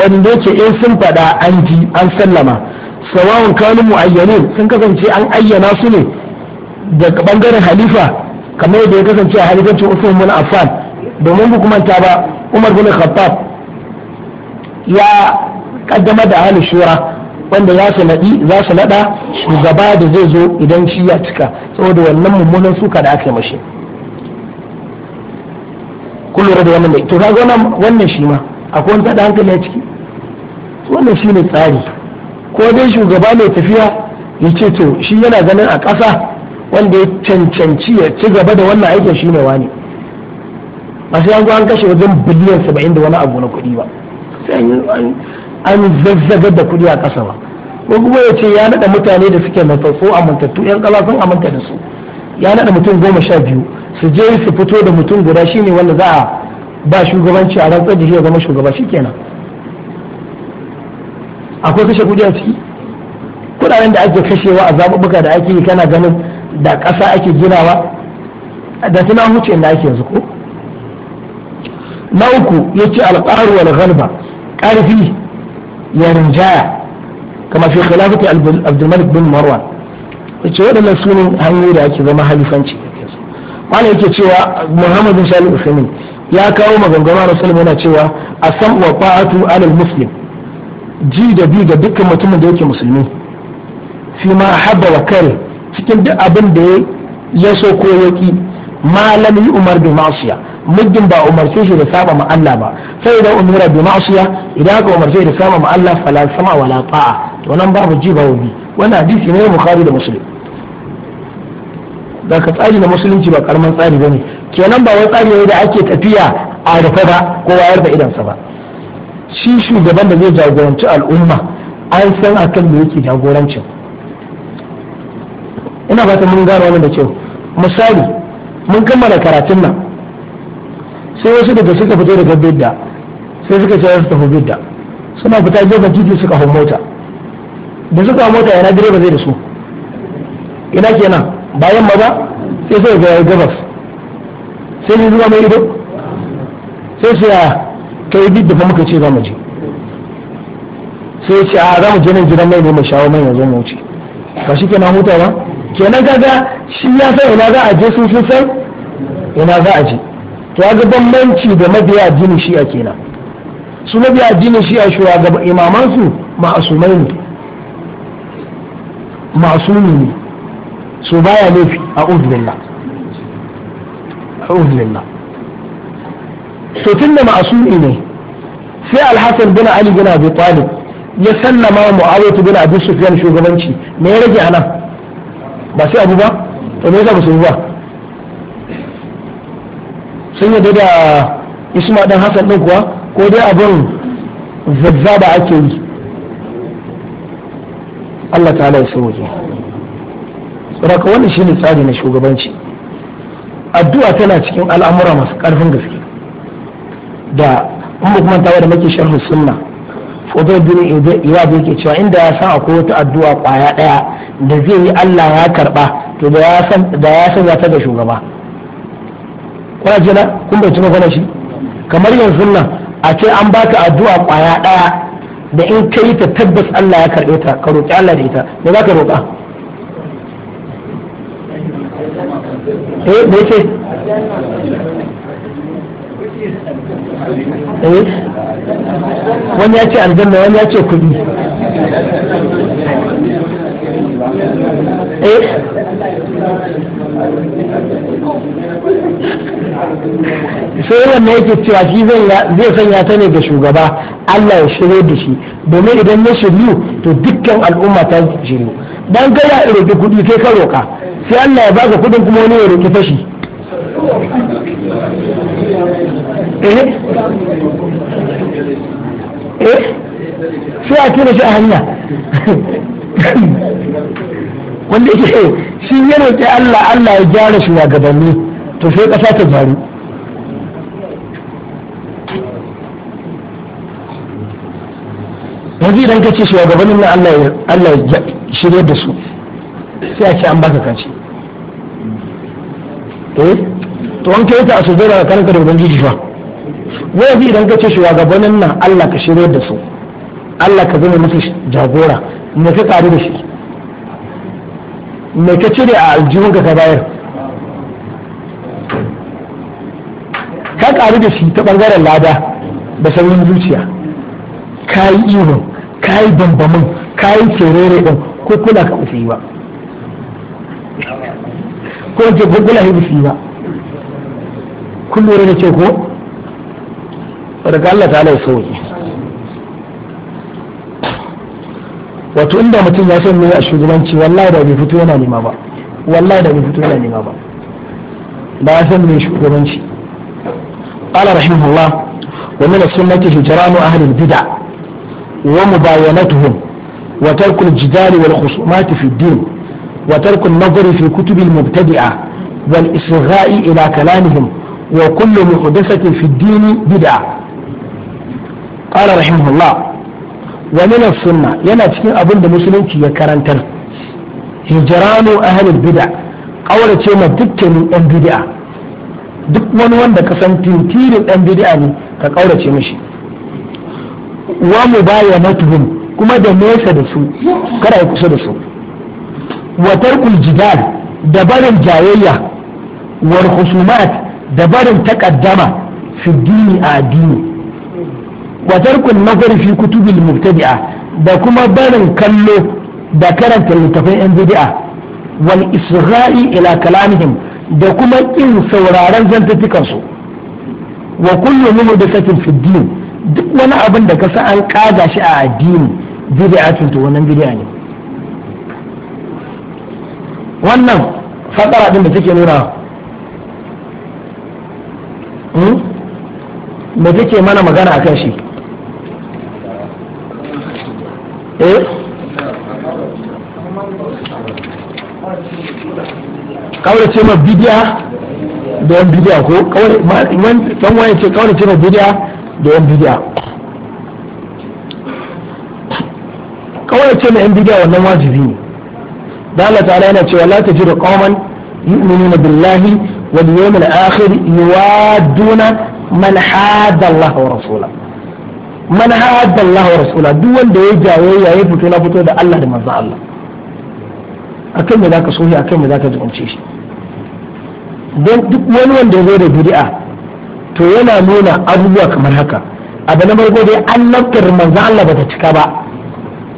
wanda yake in sun fada an ji an sallama sawawun kanu mu'ayyanin sun kasance an ayyana su ne da bangaren halifa kamar yadda ya kasance a halifancin usman bin affan domin hukumanta ba umar bin khattab ya kaddama da ahalin shura wanda za su za su naɗa shugaba da zai zo idan shi ya cika saboda wannan mummunan suka da aka yi mashi kun lura da wannan da to kaga wannan shi ma akwai wani tada hankali a ciki wannan shi ne tsari ko dai shugaba mai tafiya ya ce to shi yana ganin a ƙasa wanda ya cancanci ya ci gaba da wannan aikin shi ne wani ba sai an an kashe wajen biliyan saba'in da wani abu na kuɗi ba sai an zazzaga da kuɗi a ƙasa ba ko kuma ya ce ya naɗa mutane da suke matsatsu amintattu yan ƙasa sun aminta da su ya naɗa mutum goma sha biyu su je su fito da mutum guda shine wanda za a ba shugabanci a rantsar da shi ya zama shugaba shi kenan akwai kashe kuɗi a ciki kuɗaɗen da ake kashewa a zaɓuɓɓuka da ake yi kana ganin da ƙasa ake ginawa da tunan huce inda ake yanzu ko na uku ya ce alƙaru wal ghalba ƙarfi ya rinjaya kama fi khilafati abdulmalik bin marwan ya ce waɗannan su ne hanyoyi da ake zama halifanci wani yake cewa muhammad bin usaimin ya kawo maganganu na salim yana cewa a san wa fa'atu alal muslim ji da bi ga dukkan mutumin da yake musulmi fi ma habba wa kare cikin duk abin da ya so ko ya ki ma lam yi umar bi masiya muddin ba umarce shi da saba ma Allah ba sai da umura bi ma'asiya idan aka umarce da saba ma Allah fala sama wala ta'a to nan babu ji ba bi wannan hadisi ne Bukhari da Muslim da ka tsari na musulunci ba karman tsari bane kenan ba wai tsari ne da ake tafiya a rufe ba ko wayar da sa ba shi shugaban da zai jagoranci al'umma an san akan me yake jagorancin ina fata mun gano wannan da kyau misali mun kammala karatun nan sai wasu daga suka fito daga bidda sai suka ce su tafi bidda suna fita gefen titi suka hau mota da suka hau mota yana direba zai da su ina kenan bayan maza sai sai ga gabas sai ni zuwa mai ido sai sai ah, kai bidda fa muka ce za mu je sai ya ce a ah, za mu je nan gidan mai ne mu shawo mai yanzu mu wuce ba shi kenan huta ba kenan kaga shi ya sai ina za a je sun sun sai ina za a je to ga bambanci da mabiya addinin shi'a kenan su mabiya addinin shi'a ga imaman su ma'asumai ne ma'asumi ne su baya laifi a udbillah a to tun da ma'asumi ne sai alhassan bin ali bin abi talib ya sanna ma mu'awiyah bin abi sufyan shugabanci me ya rage anan ba sai abu ba to me yasa ba su ba sun yadda da isma dan hasan din kuwa ko dai abin zazzaba ake yi Allah ta'ala ya sauke saboda wannan shine tsari na shugabanci addu'a tana cikin al'amura masu karfin gaske da in kuma da muke sharhu sunna fodar bin yake cewa inda ya san akwai wata addu'a kwaya daya da zai yi Allah ya karba to da ya san da ta ga shugaba kuna jina kun bai ci magana shi kamar yanzu nan a ce an baka addu'a kwaya daya da in kai ta tabbas Allah ya karbe ta ka roƙi Allah da ita me za ka roƙa eh me ce eh wani ya ce aljanna wani ya ce kuɗi eh sai wannan yake cewa shi zai sanya ta ne ga shugaba Allah ya shirye da shi domin idan ya shiryu to dukkan al'umma ta shiryu dan gaya ya da kuɗi kai ka roka sai Allah ya baka kuɗin kuma wani ya roki fashi eh eh sai a kira shi a hanya (laughs) wanda yake shi ya roki Allah Allah ya gyara shugabanni to sai ƙasa ta gyaru yanzu idan ka ce shugabannin nan Allah ya shirya da su sai a ce an baka kanci eh to wanke yi ta a sojoji a kanka da ubangiji fa wai idan ka ce shugabannin nan Allah ka shirya da su Allah ka zama musu jagora me ka karu da shi me ka cire a aljihun ka bayar ka karu da shi ta bangaren lada da sauran zuciya ka yi ihun ka yi bambamin ka yi cerere ɗin ko kula ka usi ba ko ce ko kula ka usi ba kun lura da ce ko daga Allah ta ya sauki wato inda mutum ya san me a shugabanci wallahi da bai fito yana nema ba wallahi da bai fito yana nema ba da ya san me shugabanci qala rahimahullah wa min as-sunnati hijranu ahli ومباينتهم وترك الجدال والخصومات في الدين وترك النظر في كتب المبتدعة والإصغاء إلى كلامهم وكل محدثة في الدين بدعة قال رحمه الله ومن السنة ينا تكين أبن المسلم يكرنتر هجران أهل البدع قولة يوم دكتني أن بدعة duk wani wanda ka san tintirin ɗan bid'a ne ka ƙaurace mishi wa mubayanatuhum kuma da nesa da su kada ya kusa da su wa tarkul jidal da barin jayayya War khusumat da barin takaddama fi dini a dini wa tarkul nazar fi kutubil mubtadi'a da kuma barin kallo da karanta littafin yan bid'a wal isra'i ila kalamihim da kuma kin sauraron zantattukan su wa kullu da fi din duk wani abin da kasa an kaza shi a addini bid'atun to wannan bid'a ne wannan fadara din da take nuna da hmm? take mana magana akan shi eh kawai ce ma bidiya don bidiya ko kawai dan waye ce kawai ce ma bidiya da yan bidiya kawai ce na yan bidiya wannan wajibi ne da Allah ta'ala yana cewa la ta tajidu qauman yu'minuna billahi wal yawmil akhir yuwadduna man hada Allah wa rasula man hada Allah wa rasula duk wanda ya jawo ya yi fito na fito da Allah da manzo Allah akan me zaka so shi akan me zaka ji shi don duk wani wanda ya zo da bid'a to yana nuna abubuwa kamar haka abu na farko dai an annabtar manzo Allah bata cika ba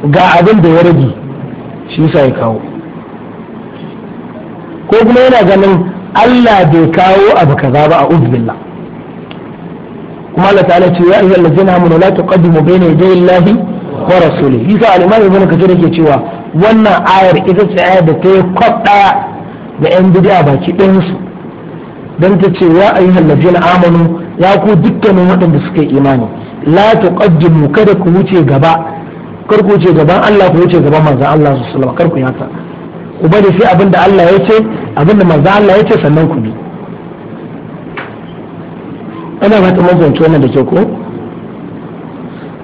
ga abin da ya rage shi yasa ya kawo ko kuma yana ganin Allah bai kawo abu kaza ba a uzbillah kuma Allah ta'ala ce ya ayyuhal ladzina amanu la tuqaddimu bayna yaday Allahi wa rasulihi yasa al-imam ibn kathir yake cewa wannan ayar ita ce ayar da ta yi da yan bid'a baki ɗinsu. don ta ce ya ayyuhal na amanu ya ku dukkanin waɗanda suka yi imani la tuqaddimu kada ku wuce gaba kar ku wuce gaban Allah ku wuce gaban manzon Allah sallallahu alaihi wasallam kar ku yata ku bari sai abin da Allah ya ce abin da manzon Allah ya ce sannan ku bi ana fata mun fahimci wannan da ke ko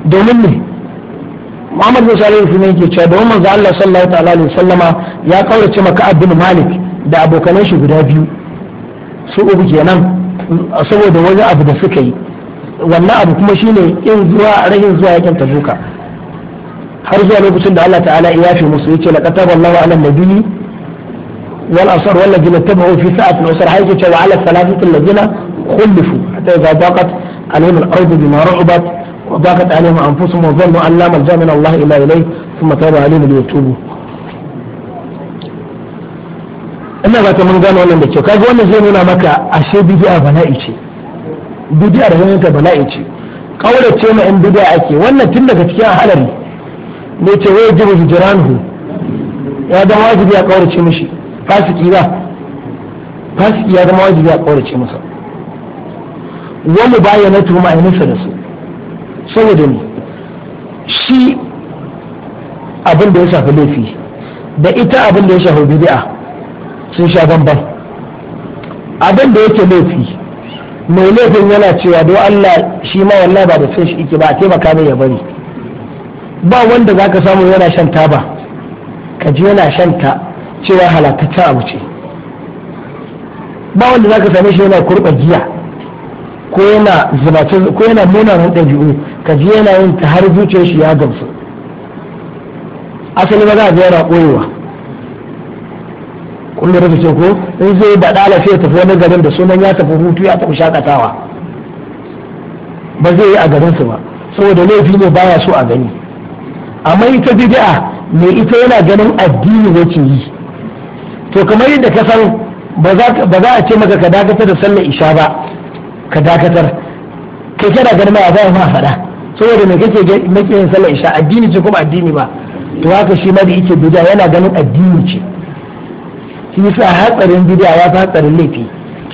domin ne Muhammad bin Salih ne yake cewa domin manzon Allah sallallahu alaihi wasallama ya kaurace maka Abdul Malik da abokanan shi guda biyu su uku kenan saboda wani abu da suka yi wannan abu kuma shine in zuwa rahin zuwa yakin tabuka har zuwa lokacin da Allah ta'ala ya yafe musu yace la kataba Allahu ala nabiyyi wal asar wal ladina tabu fi sa'atin usr hayya cewa ala salatati alladina khulifu hatta idza daqat alaihim al-ardu bima rahabat wa daqat alaihim anfusuhum wa dhannu an la malja min Allah illa ilayhi thumma taba alaihim liyatubu ina ba ta mun gane wannan da kyau kaga wannan zai nuna maka ashe bid'a bala'i ce bid'a da ganin ta bala'i ce ce ma in bid'a ake wannan tun daga cikin halari ne ce wai jibu jiranhu ya zama wajibi ya ce mishi fasiki ba fasiki ya zama wajibi ya ce masa wani bayyana ma a nufa da su saboda ne shi abin da ya shafi laifi da ita abin da ya shafi bid'a sun sha bamban abin da yake laifi mai laifin yana cewa don Allah shi ma wallahi ba da san shi yake ba a taimaka mai ya bari ba wanda za ka samu yana shan taba ka ji yana shan ta cewa halakaccen a wuce. ba wanda za ka same shi yana kurɓa giya ko yana zubace ko yana munanan ɗabi'u ka ji yana yin ta har zuciyar shi ya gamsu asali ba za a na ƙoyewa kun da ce ko in zai da dala sai ya tafi wani garin da sunan ya tafi hutu ya tafi shakatawa ba zai yi a garinsu ba saboda laifi ne baya so a gani amma ita bid'a me ita yana ganin addini ke yi to kamar yadda ka san ba za a ce maka ka dakatar da sallar isha ba ka dakatar kai kana ganin ma za ma faɗa saboda me kake nake yin sallar isha addini ce kuma addini ba to haka shi ma da yake bid'a yana ganin addini ce shi yasa hatsarin bid'a ya fi hatsarin laifi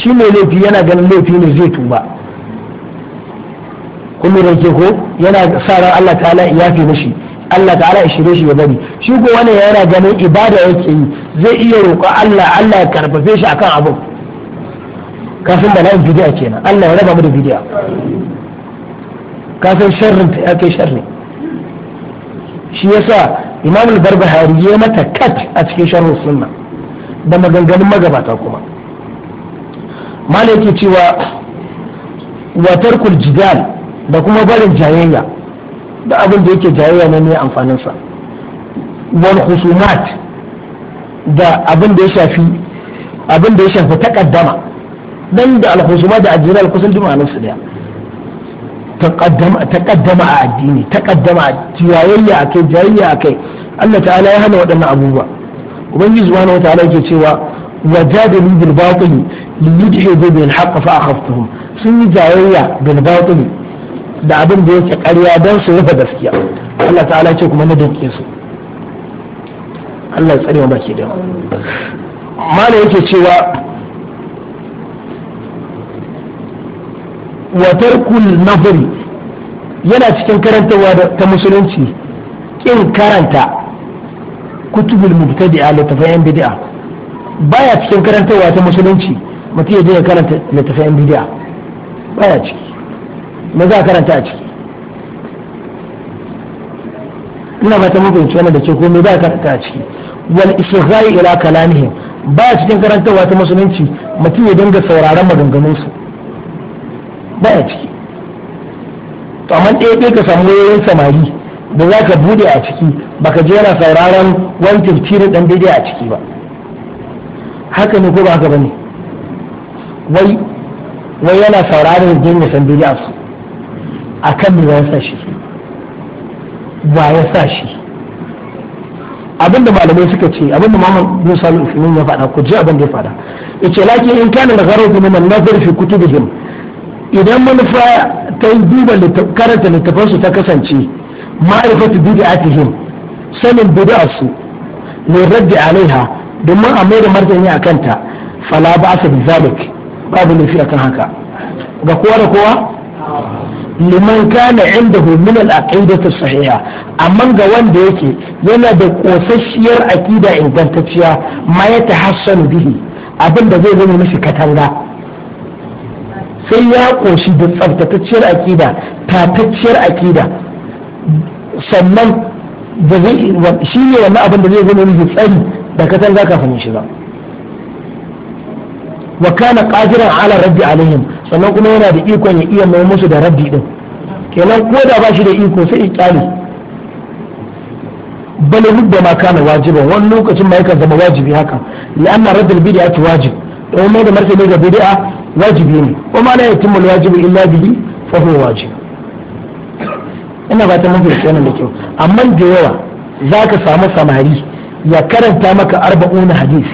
shi mai laifi yana ganin laifi ne zai tuba kuma da ke ko yana sa ran Allah ta'ala ya fi mishi Allah ta'ala ya shirye shi ya bari shi ko wani yana ganin ibada yake yi zai iya roƙon Allah Allah ya karfafe shi akan abu kafin da layin bidiya kenan Allah ya raba mu da bidiya kafin sharrin ta kai sharri shi yasa Imam al-Barbahari ya mata kat a cikin sharhu sunna da maganganun magabata kuma yake cewa watar kuljidal da kuma barin jayayya da abin da yake jayayya na ne amfaninsa wal husumat da abin da ya shafi abin da ya shafi takaddama dan da al husumat da addini kusan dumanin su daya takaddama a addini takaddama jayayya akai jayayya akai Allah ta'ala ya hana waɗannan abubuwa ubangiji subhanahu wataala yake cewa wa wajadalu bil batil li yudhibu bil haqq fa akhaftuhum sun yi jayayya bil batil da abin da yake ƙarya don su rufe gaskiya Allah ta'ala ce kuma na danke su Allah ya tsare wa baki da mala yake cewa wa tarkul nafri yana cikin karantarwa ta musulunci kin karanta kutubul mubtadi'a littafai yan bid'a baya cikin karantarwa ta musulunci mutum ya je ya karanta littafai yan bid'a baya ciki ma za a karanta a ciki ina ba ta mabuyanci wannan da ke me ba a karanta a ciki wal isra'i ila kalamihim baya cikin karantarwa ta musulunci mutum ya dinga sauraron maganganunsu baya ciki to amma ɗaya ɗaya ka samu yoyin samari da za ka bude a ciki baka je yana sauraron wani tafsirin dan daidai a ciki ba haka ne ko ba haka bane wai wai yana sauraron jin ya san daidai su akan me ya sa shi ba ya sa shi abinda malamai suka ce abinda Muhammad bin Salih Uthman ya faɗa ku ji abin da ya faɗa yace lakin in kana da gharatu min an-nazar fi kutubihim idan manufa ta duba karanta littafansu ta kasance ma'arifatu bid'atihim sanin bid'arsu ne raddi alaiha domin a mai da martani a kanta fala ba su bi zalik babu nufi akan haka ga kowa da kowa liman kana indahu min al-aqidati sahiha amma ga wanda yake yana da kosasshiyar aqida ingantacciya ma ya tahassan bihi abin da zai zama mashi katanga sai ya ƙoshi da tsaftatacciyar aqida tatacciyar aqida sannan da zai shi ne wannan abin da zai zama miki tsari da katan za ka fahimci ba wa kana qadiran ala rabbi alaihim sannan kuma yana da ikon ya iya mai musu da rabbi din kenan ko da ba shi da iko sai ya kyale bal rubba ma kana wajiba wani lokacin ma yakan zama wajibi haka la'anna raddul bid'a ta wajib don mai da martani ga bid'a wajibi ne kuma la yatimmu al-wajibu illa bihi fa huwa wajib ina ba ta mafi wannan da kyau amma da yawa za ka samu samari ya karanta maka arba'un hadis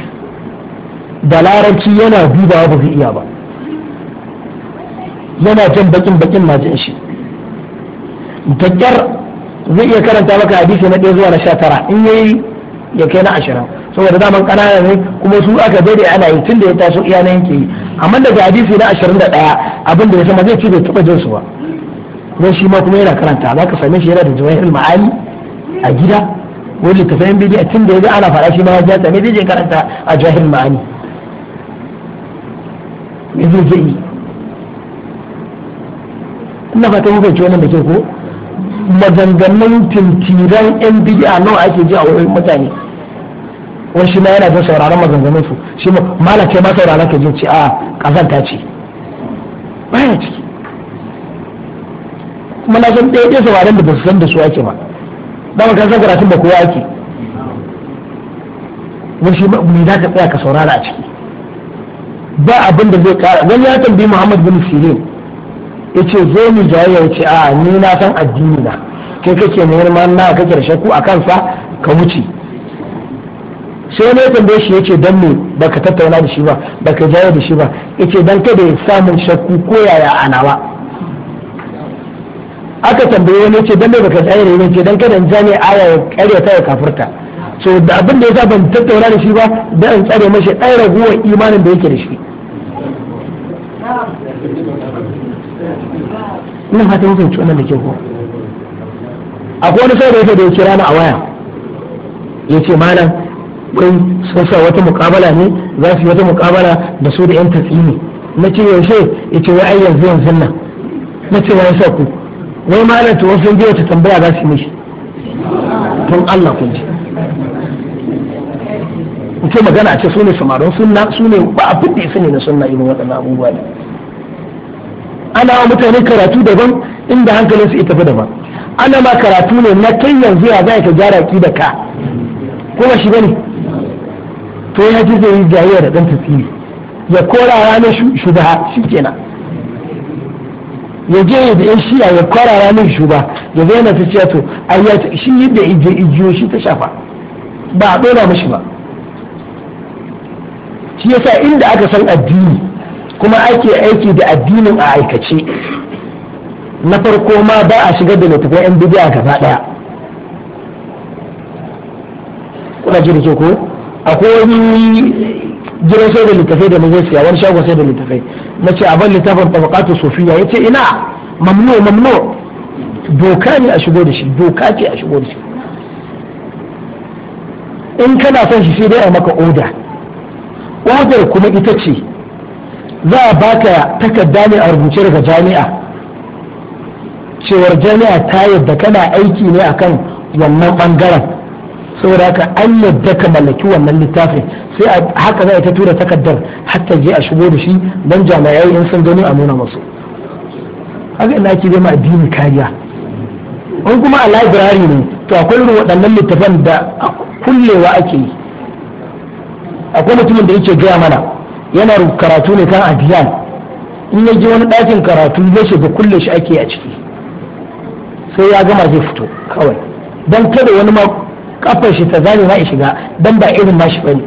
da larabci yana dubawa ba zai iya ba yana jan bakin bakin ma jin shi da zai iya karanta maka hadisi na ɗaya zuwa na sha tara in yayi ya kai na ashirin saboda daman ƙanana ne kuma su aka daidai ana yi tun da ya taso iya na yanke yi amma daga hadisi na ashirin da ɗaya abin da ya sama zai ci bai taɓa jinsu ba don shi ma kuma yana karanta za ka same shi yana da jawahir ma'ani a gida wani littafin bidi a tun da ya ana fara shi ma ya same zai je karanta a jawahir ma'ani me zai je yi ina ba ta hukunci wannan da ke ko maganganun tintiran yan a nawa ake ji a wurin mutane wani shi ma yana jin sauraron maganganun su shi ma malaka ma sauraron ka ji ce a kazanta ce baya ciki kuma na san ɗaya ɗaya sauraron da ba su san da su ake ba ba ka san karatun ba kowa ake wani shi mai za ka tsaya ka saurara a ciki ba abin da zai kara wani ya tambayi muhammad bin sirin ya ce zo mu jayayya ya ce a ni na san addini na kai kake mayar ma na kake da shakku a kansa ka wuce sai wani ya tambaye shi yace dan me baka tattauna da shi ba ka jayayya da shi ba ce dan kada ya samun shakku ko yaya a nawa aka tambaye wani ce dan bai baka tsaye da ce dan kada in jami aya ya karya ta ya kafirta so da abin da yasa ban tattauna da shi ba da in tsare mashi ɗan raguwar imanin da yake da shi ina fata mun fahimci wannan da ke ko akwai wani sai da yake da ya rana a waya ya ce malam wai sun sa wata mukabala ne za su yi wata mukabala da su da yan tatsini na ce yaushe ya ce wa'ayyar zuwan sannan na ce wa'ayyar sa ku wai malam to sun biyo ta tambaya za su mishi tun Allah kun ji mutum magana a ce su ne samarin sunna su ne ba a fidda su ne na sunna irin waɗannan abubuwa ne ana wa mutane karatu daban inda hankalin su tafi daban ana ma karatu ne na kai yanzu ya za ka gyara ki da ka kuma shi bane to ya ji zai yi jayayya da dan tafsiri ya kora ranar shubha shikenan ya je ya da shi ya kwarara min shuba ya zai na ta ce to ayya shi yi da ijiyo shi ta shafa ba a ɗora mashi ba shi yasa inda aka san addini kuma ake aiki da addinin a aikace na farko ma ba a shigar da littafin yan bidiya gaba daya kuna ji da ke ko akwai gidan sai da littafai da mun siya wani shagon sai da littafai na ce a ban littafin sofiya sufiya ce ina mamnu mamnu doka ne a shigo da shi doka ce a shigo da shi in kana son shi sai dai a maka oda odar kuma ita ce za a baka takarda ne a rubuce daga jami'a cewar jami'a ta yadda kana aiki ne akan wannan bangaren saboda haka an yadda ka mallaki wannan littafin sai a haka za a ta tura takardar hatta je a shigo da shi don jami'ai in sun gani a nuna masu haka ina ake zama addini kariya in kuma a library ne to akwai irin waɗannan littafan da kullewa ake yi akwai mutumin da yake gaya mana yana karatu ne kan adiyan in ya je wani ɗakin karatu zai shiga kulle shi ake a ciki sai ya gama zai fito kawai don kada wani ma kafar shi ta zane ma shiga dan ba irin ma shi bane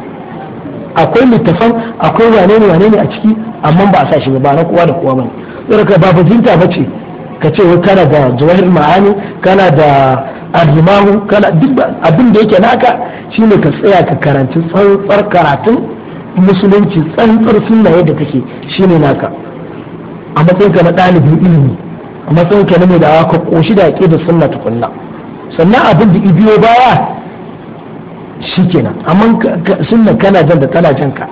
akwai littafan akwai wane ne wane ne a ciki amma ba a sa shi ba na kowa da kowa bane saboda ba bajinta bace ka ce wai kana da jawahir ma'ani kana da alimahu kana duk abin da yake naka shine ka tsaya ka karanci tsantsar karatun musulunci tsantsar sunna yadda shi shine naka a matsayin ka na ɗalibin ilimi a matsayin ka na mai da ka koshi da da sunna tukunna sannan abin da ibiyo baya shi kenan amma sunna kana jan da tana jan ka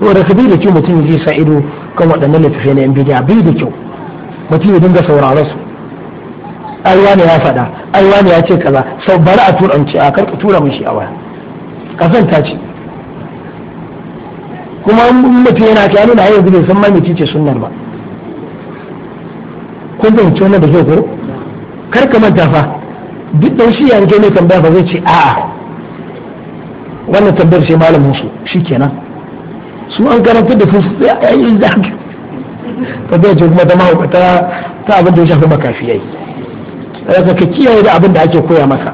saboda ka bi da kyau mutum zai sa ido kan waɗannan littattafai na yan a bai da kyau mutum ya dinga sauraron su aiwa ne ya faɗa aiwa ne ya ce kaza sau bari a tura mace a karka tura mun shi a waya kazanta ce kuma mutum yana ta nuna yau bai san mai mace ce sunnar ba kun fahimci wannan da zai ko kar ka manta fa duk da shi yanke mai tambaya ba zai ce a'a wannan tambayar sai musu shi kenan su an karantar da su sai a yayin da zai ce kuma ta mahaukata ta abin da ya shafi makafiyai daga ka kiyaye da abin da ake koya maka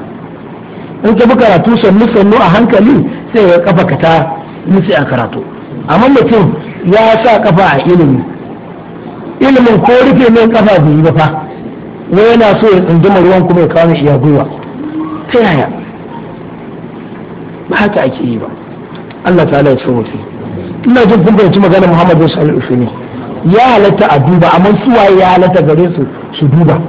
in ka bi karatu sannu sannu a hankali sai ya kafa ka ta nutse a karatu amma mutum ya sa kafa a ilimi ilimin ko rufe mai kafa bai yi ba fa wai yana so ya tsunduma ruwan kuma ya kawo iya gwiwa ta yaya ba haka ake yi ba Allah Ta ta'ala ya tsorofi ina jin kun fahimci maganar Muhammadu bin Salih ne ya halatta a duba amma su waye ya halatta gare su su duba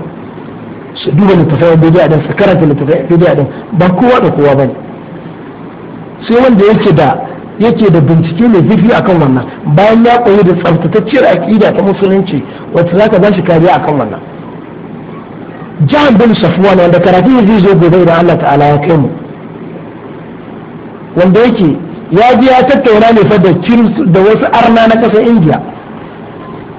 su duba tafiya bidiya din su karanta tafiya bidiya din ba kowa da kowa bane sai wanda yake da yake da bincike mai zurfi akan wannan bayan ya koyi da tsaftatacciyar aƙida ta musulunci wacce zaka ba shi kariya akan wannan jihar bin safwan wanda karatu zai zo gobe idan Allah ta'ala ya kai mu wanda yake ya ji ya tattauna ne fa da wasu arna na kasar indiya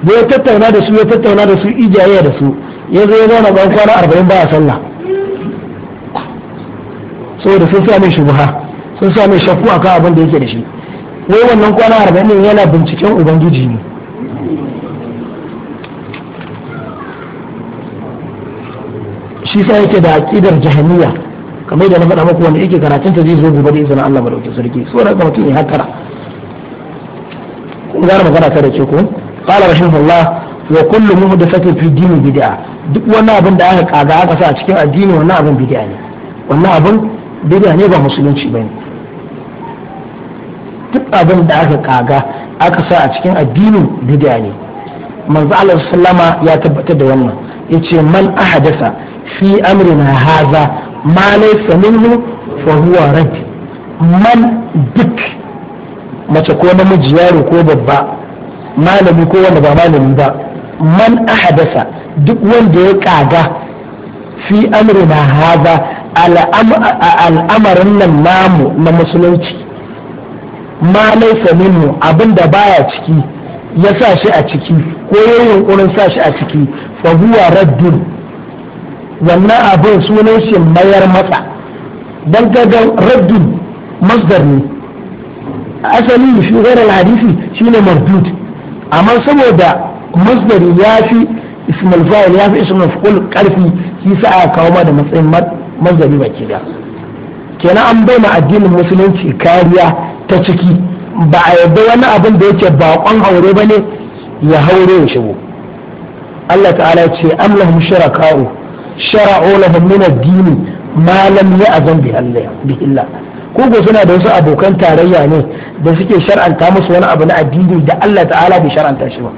da ya tattauna da su ya tattauna da su ijaye da su ya zo ya zauna ban kwana arba'in a sallah saboda sun sa mai shubuha sun sa mai shakku akan abin da yake da shi wai wannan kwana arba'in yana binciken ubangiji ne shi sa yake da aqidar jahiliya kamar da na faɗa muku wanda yake karatun ta zai zo gobe da izinin Allah madaukakin sarki so da mutum ya hakara kun gara magana ta da ce ko qala rahimahullah wa kullu muhdathatin fi dini bid'a duk wani abin da aka kaga aka sa a cikin addini wannan abin bid'a ne wannan abin bid'a ne ba musulunci bane duk abin da aka kaga aka sa a cikin addinin bid'a ne manzo Allah sallama ya tabbatar da wannan yace man ahadasa fi amrina haza ma laysa minhu fa huwa rajul man duk mace ko namiji yaro ko babba malami ko wanda ba malami ba man ahadasa duk wanda ya kaga fi amrina haza al'amarin nan namu na musulunci ma laysa minhu abinda baya ciki ya sa shi a ciki ko ya kurin sa shi a ciki fa huwa raddun wannan abin sunan shi mayar matsa dan gagan raddun masdar ne asali shi gairar hadisi shine mardud amma saboda masdar ya fi ismul fa'il ya fi ismul fa'il karfi shi sa aka kawo ma da matsayin masdari baki da kenan an bai ma addinin musulunci kariya ta ciki ba a yarda wani abin da yake bakon haure ne ya haure ya shigo Allah ta'ala ce am shuraka'u shara'u lahum min ad-din ma lam ya'zan bi Allah ko go suna da wasu abokan tarayya ne da suke shar'anta musu wani abu na addini da Allah ta'ala bai shar'anta shi ba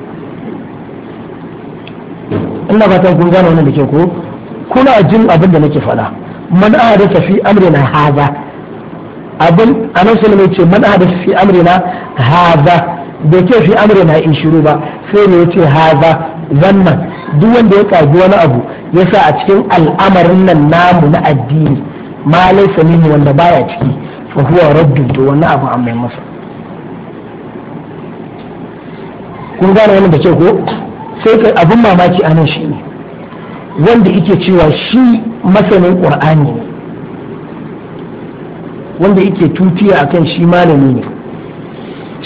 ina fatan kun gano wannan da ke ko kuna jin abin da nake faɗa man ahadatha fi amrina hadha abin anan mai ce man ahadatha fi amrina hadha bai ke fi amrina in shiru ba sai ne ya ce hadha zanna duk wanda ya kaji wani abu yasa a cikin al'amarin nan namu na addini ma laisa ne wanda baya ciki fa huwa raddu to wannan abu an mai masa kun gane wannan da ke ko sai kai abin mamaki anan shi ne wanda yake cewa shi masanin qur'ani ne wanda yake tutiya akan shi malami ne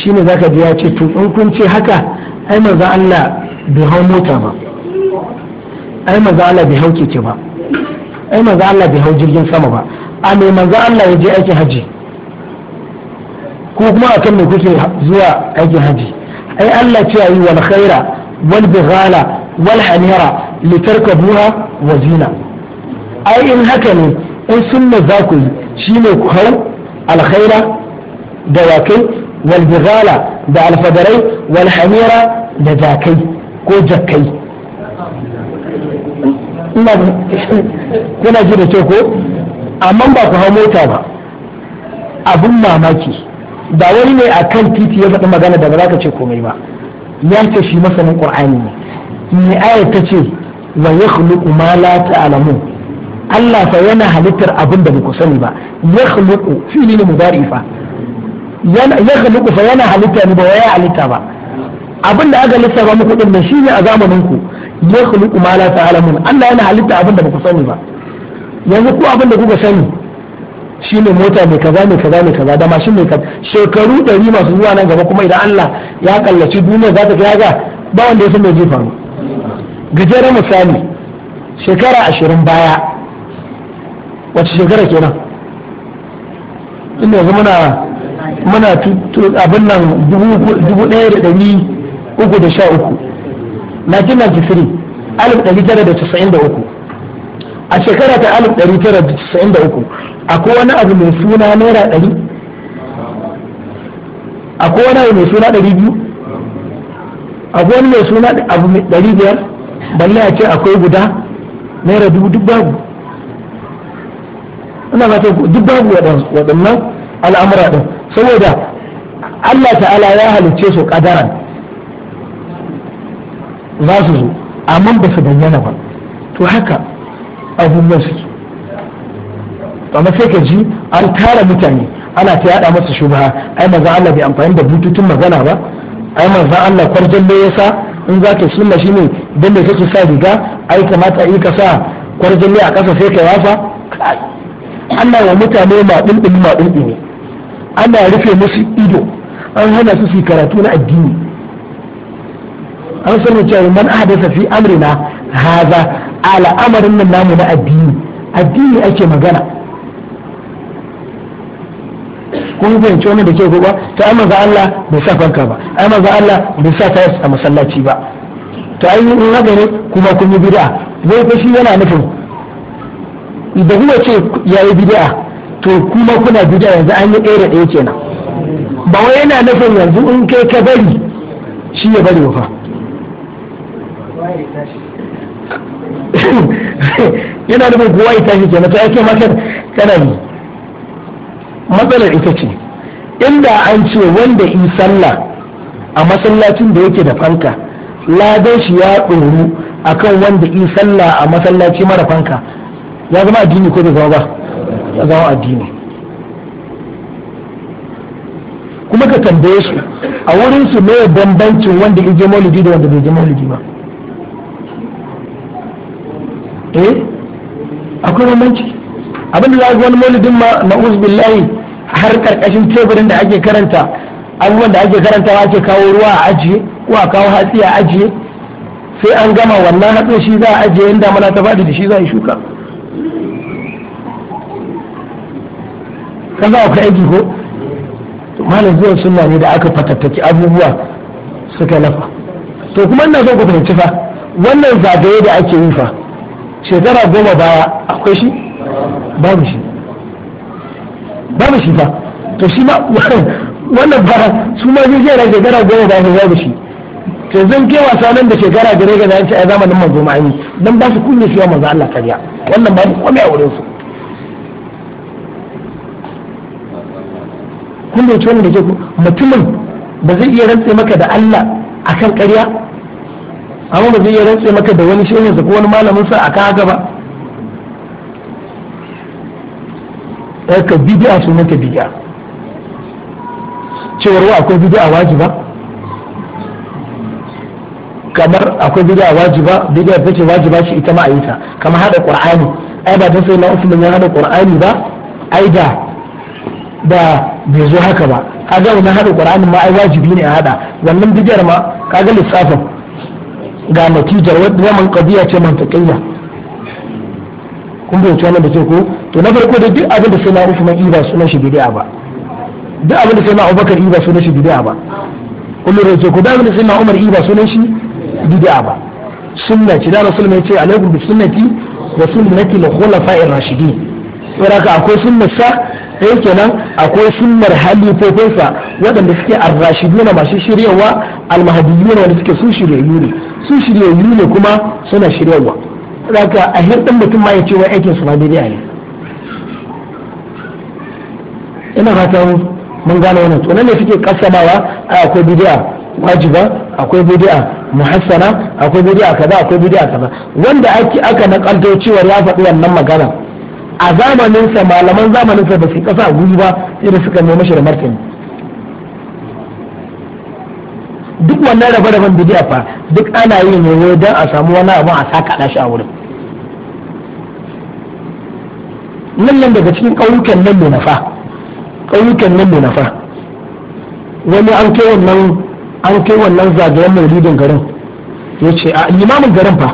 shi ne zaka ji ya ce to in kun ce haka ai manzo Allah bai hau mota ba ai manzo Allah bai hauke ki ba ai manzo Allah bai hau jirgin sama ba a me manzo Allah ya je aikin haji ko kuma akan me kuke zuwa aikin haji ai Allah ce yi wal khaira wal bighala wal hamira litarkabuha wa zina ai in haka ne in sunna za ku yi shine ku hau al khaira da wakai wal bighala da alfadarai wal hamira da jakai ko jakai. ina kuna ji da ko amma ba ku hau mota ba abin mamaki ba wani ne a kan titi ya faɗi magana da ba za ka ce komai ba ya ce shi masanin ƙur'ani ne me aya ta ce wa yakhluqu ma la ta'lamu Allah fa yana halittar abin da ku sani ba yakhluqu fi'li ne mudari fa yana yakhluqu fa yana halitta ne ba ya halitta ba abin da aka ba muku din shi ne a zamanin ku ya khuluqu ma la ta'lamun Allah yana halitta abin da ba ku sani ba yanzu ku abin da kuka sani shine mota mai kaza mai kaza mai kaza da mashin mai kaza shekaru ɗari masu zuwa nan gaba kuma idan Allah ya kallaci duniya za ta ga ba wanda ya san me zai faru gajeren misali shekara ashirin baya wace shekara kenan inda yanzu muna muna abin nan dubu ɗaya da ɗari uku da sha uku 1993 a shekara ta 1993 akwai wani abu mai suna naira ɗari akwai wani abu mai suna ɗari biyu akwai wani mai suna abu ɗari biyar balle a ce akwai guda naira dubu duk babu ina ba ta duk babu waɗannan al'amura ɗin saboda Allah ta'ala ya halicce su ƙadaran za su zo amma ba su bayyana ba to haka abubuwan to amma sai ka ji an tara mutane ana ta yada masa shubha ai manzo Allah bai amfani da bututun magana ba ai manzo Allah kwarjan ne yasa in za ka sunna shine dan da kake sa riga ai kamata in ka sa kwarjan ne a kasa sai ka yafa Allah wa mutane ma dindin ma dindin ana rufe musu ido an hana su su karatu na addini an sani cewa man ahdatha fi amrina haza ala amarin nan namu na addini addini ake magana kun fahimci wannan da ke gaba ta amma manzo Allah bai sa fanka ba ai manzo Allah bai sa ta a masallaci ba to ai in haka ne kuma kun yi bid'a wai fa shi yana nufin idan kuma ce yayi bid'a to kuma kuna bid'a yanzu an yi ɗaya da ɗaya kenan ba wai yana nufin yanzu in kai ka bari shi ya bari fa (laughs) yana da kowa ya tashi ke mata ake matar kana ne, matsalar ita ce inda an ce wanda in sallah a masallacin da yake da fanka ladan shi ya tsoro akan wanda in sallah a masallaci mara fanka ya zama addini ko bai zama ba ya zama addini kuma ka tambaye su a wurin su mai bambancin wanda ya je maulidi da wanda bai je maulidi ba eh akwai bambanci abin da za ga wani maulidin ma na uzbillahi har karkashin teburin da ake karanta abubuwan da ake karantawa ake kawo ruwa a ajiye ko a kawo hatsi a ajiye sai an gama wannan hatsin shi za a ajiye inda mana ta faɗi da shi za a yi shuka kan za a kai aiki ko malam zuwa sunna ne da aka fatattaki abubuwa suka nafa to kuma ina so ku fahimci fa wannan zagaye da ake yi fa shekara goma baya akwai shi babu shi babu shi ba to shi ma (laughs) wannan ba su ma zai jera shekara goma baya babu shi to zan ke wasa nan da shekara gare ga zai ce a zamanin manzo ma yi dan ba su kunya shi manzo Allah kariya wannan ba su komai a wurin su kun da wannan da ke mutumin ba zai iya rantse maka da Allah akan kariya amma ba zai yi rantse maka da wani shehin ko wani malamin sa a kaga ba Ya eh, ka bid'a su maka bid'a cewar wa akwai waji wajiba kamar akwai bid'a wajiba bid'a ta ce wajiba shi ita ma a yi ta kamar hada qur'ani ai ba ta sai na usman ya hada qur'ani ba ai da da bai zo haka ba kaga wannan hada qur'ani ma ai wajibi ne a hada wannan bidiyar ma kaga lissafin ga natijar wannan qadiya ce mantiqiyya kun bai wannan da ce ko to na farko da duk abin da sai na Usman yi iba sunan shi bidiya ba duk abin da sai na Abubakar iba sunan shi bidiya ba kullu da ce ko da abin da sai na Umar iba sunan shi bidiya ba sunna ce da Rasul mai ce alaikum bi sunnati wa sunnati al-khulafa'ir rashidin saboda akwai sunnar sa sai eh, kenan akwai sunnar halifofinsa waɗanda suke arrashiduna masu shiryawa almahadiyuna wanda suke su shiryayyu ne Sun shirya yi ne kuma suna shiryarwa zaka a hirɗin mutum ma ya ce wa aikin su ma daidai ne ina fatan mun gane wannan to ne suke kasamawa akwai bid'a wajiba akwai bid'a muhassana akwai bid'a kaza akwai bid'a kaza wanda ake aka nakalto cewa ya faɗi wannan magana a zamaninsa malaman zamanin sa ba su kasa guzu ba sai da suka nemi shi da martani duk wannan rabe-raben bidiya fa duk ana yi ne ne don a samu wani abu a saka shi a wurin nan nan daga cikin ƙauyukan nan ne nafa ƙauyukan nan ne nafa wani an kai wannan an kai wannan zagayen maulidin garin ya ce a limamin garin fa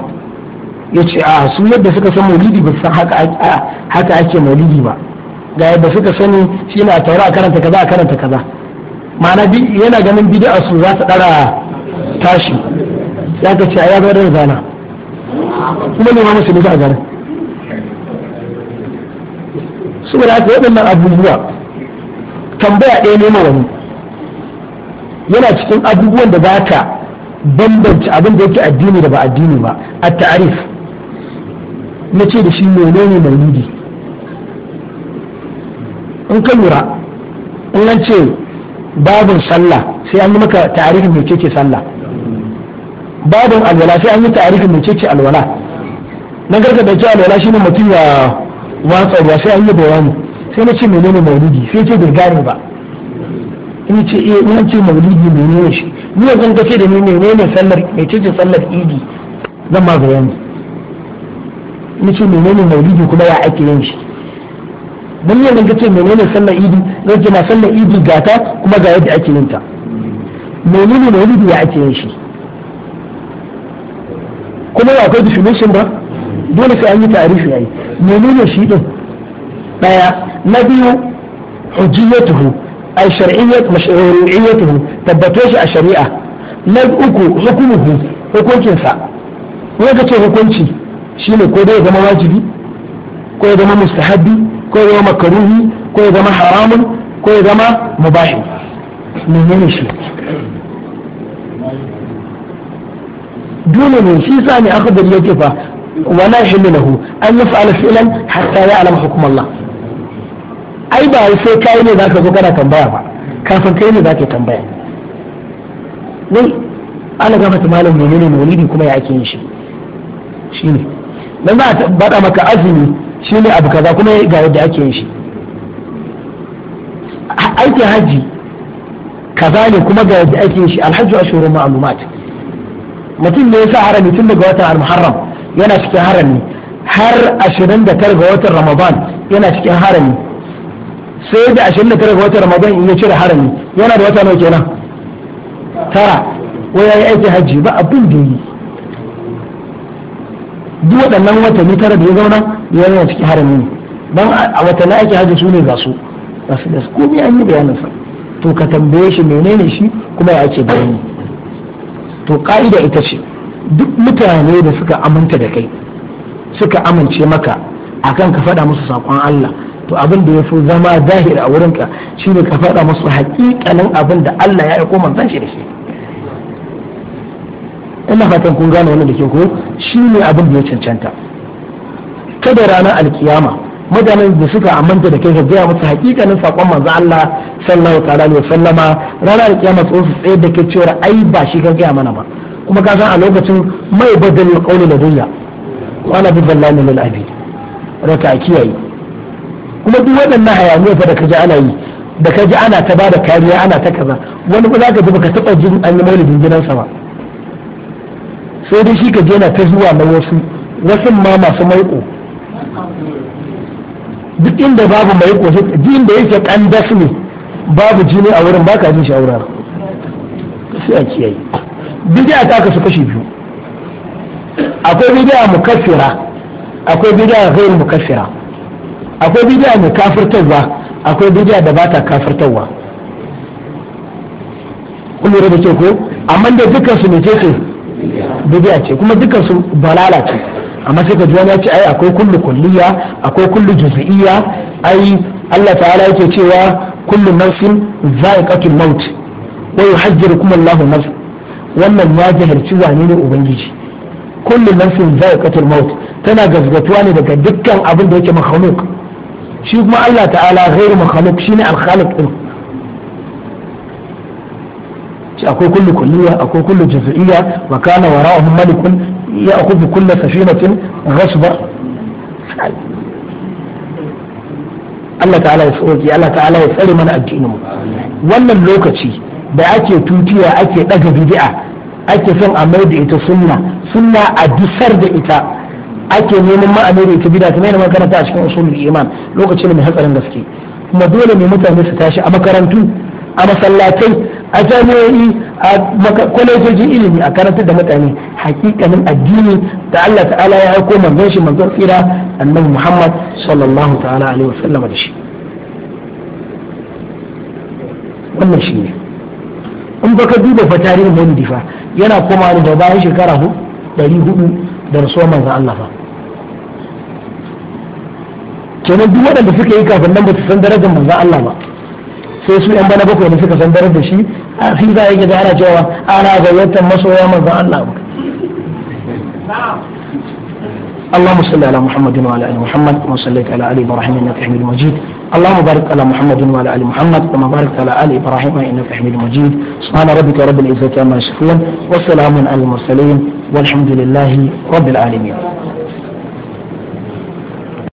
ya ce a su yadda suka san maulidi ba san haka ake maulidi ba ga yadda suka sani shi ne a taura a karanta kaza a karanta kaza ma'ana yana ganin bid'a su za ta dara tashi ya ga ce a ya da zana kuma ne ma musu ne za a gane saboda haka nan abubuwa tambaya ɗaya ne wani yana cikin abubuwan da za ka bambance abin da yake addini da ba addini ba a ta'arif na ce da shi menene maulidi in ka lura in an ce babin sallah sai an yi maka mai mecece sallah babin alwala sai an yi mai mecece alwala na gargaɗa ce alwala shine mutum ya watsa ruwa sai an yi bayani sai na ce menene maulidi sai ce bai gane ba in ce eh in ce maulidi menene shi ni yanzu ka ce da ni menene sallar mecece sallar idi zan ma bayani ni ce menene maulidi kuma ya ake yin shi dan ya ringa ce menene sallar idi zan ce na sallar idi gata kuma ga yadda ake yin ta menene maulidi ya ake yin shi kuma ya akwai definition ba dole sai an yi tarihi yayi menene shi din daya na biyu hujjiyatuhu ay shar'iyyat mashru'iyyatuhu tabbato shi a shari'a na uku hukumuhu hukuncin sa wanda ce hukunci shine ko dai ya zama wajibi ko ya zama mustahabi ko ya zama makaruhi ko ya zama haramun ko ya zama mubahi menene shi dole ne shi sa ne aka bari yake fa wala yahillu lahu an yaf'ala fi'lan hatta ya'lam hukm Allah ai ba sai kai ne zaka zo kana tambaya ba kafin kai ne zaka tambaya wai ana gafa malam menene ne kuma ya ake yin shi shine dan za a bada maka azumi shi ne abu kaza kuma ga yadda ake yin shi aikin hajji kaza ne kuma ga yadda ake yin shi alhaji a shuru ma'alumat mutum ne ya sa harami tun daga watan muharram yana cikin harami har ashirin da tara ga watan ramadan yana cikin harami sai da ashirin da tara ga watan ramadan in ya cire harami yana da wata nawa kenan tara wai ya yi aikin hajji ba abin da yi duk waɗannan watanni tara da ya zauna ya yana ciki harami ne Don a watanni ake haji su ne ga su ga su da su an yi bayanin sa to ka tambaye shi menene shi kuma ya ake bayani to ka'ida ita ce duk mutane da suka aminta da kai suka amince maka akan ka faɗa musu saƙon Allah to abin da ya fi zama zahiri a wurinka shine ka faɗa musu haƙiƙanin abin da Allah ya aiko manzon shi da shi ina fatan kun gane wannan da ke ko shi ne abin da ya cancanta kada ranar alkiyama mutanen da suka amanta da kai ka gaya musu hakikanin sakon manzo Allah sallallahu ta'ala wa sallama. ranar alkiyama tsohon su tsaye da ke cewa ai ba shi ka gaya mana ba kuma ka san a lokacin mai badal da dunya wa ana bi dallani lil abi raka kiyaye kuma duk waɗannan hayaniya fa da kaje ana yi da kaji ana ta bada kariya ana ta kaza wani ba za ka ji baka taɓa jin an yi maulidin gidansa ba sai dai shi ka je na ta zuwa na wasu wasu ma masu maiko duk inda babu maiko sai duk inda yake dasu ne babu jini a wurin baka jin shi a wurin sai a kiyaye bidiya ta kasu kashi biyu akwai mu mukaffira akwai bid'a mu mukaffira akwai bidiya mai kafirtarwa akwai bidiya da ba ta kafirtarwa kullu lura da ke ko amma da dukkan su ne ce bid'a ce kuma dukkan su balala ce amma sai ka ji wani ya ce ai akwai kullu kulliya akwai kullu juz'iyya ai Allah ta'ala yake cewa kullu nafsin za'iqatul maut wa yuhajjirukum Allahu nafs wannan ya jahilci wane ne ubangiji kullu nafsin za'iqatul maut tana gazgatuwa ne daga dukkan abin da yake makhluk shi kuma Allah ta'ala ghairu makhluk shine al-khaliq akwai kullu kulliya akwai kullu jaz'iyya wa kana wara'uhum malikun ya'khudhu kull safinatin ghasba Allah ta'ala ya tsoki Allah ta'ala ya tsare mana addinin mu wannan lokaci da ake tutiya ake daga bid'a ake son a mai da ita sunna sunna a dusar da ita ake neman ma'amai da ita bid'a kamar yadda makaranta a cikin usulul iman lokacin da mai hatsarin gaske kuma dole ne mutane su tashi a makarantu a masallatai a jami'o'i a kwalejojin ilimi a karantar da mutane hakikanin addini da Allah ta'ala ya aiko manzon shi manzon tsira annabi Muhammad sallallahu ta'ala alaihi wasallam da shi wannan shi ne in baka duba fa tarihin wani difa, yana koma ne da bayan shekara ɗari hudu da rasuwar manzon Allah fa kenan duk waɗanda suka yi kafin nan ba su san darajar manzon Allah ba sai su yan bana bakwai ne suka san daren da shi a fi za a yi ana cewa ana gayyatar masoya manzon Allah اللهم صل على محمد وعلى ال محمد كما صليت على ال ابراهيم انك حميد مجيد اللهم بارك على محمد وعلى ال محمد كما باركت على ال ابراهيم انك حميد مجيد سبحان ربك رب العزه عما يصفون وسلام على المرسلين والحمد لله رب العالمين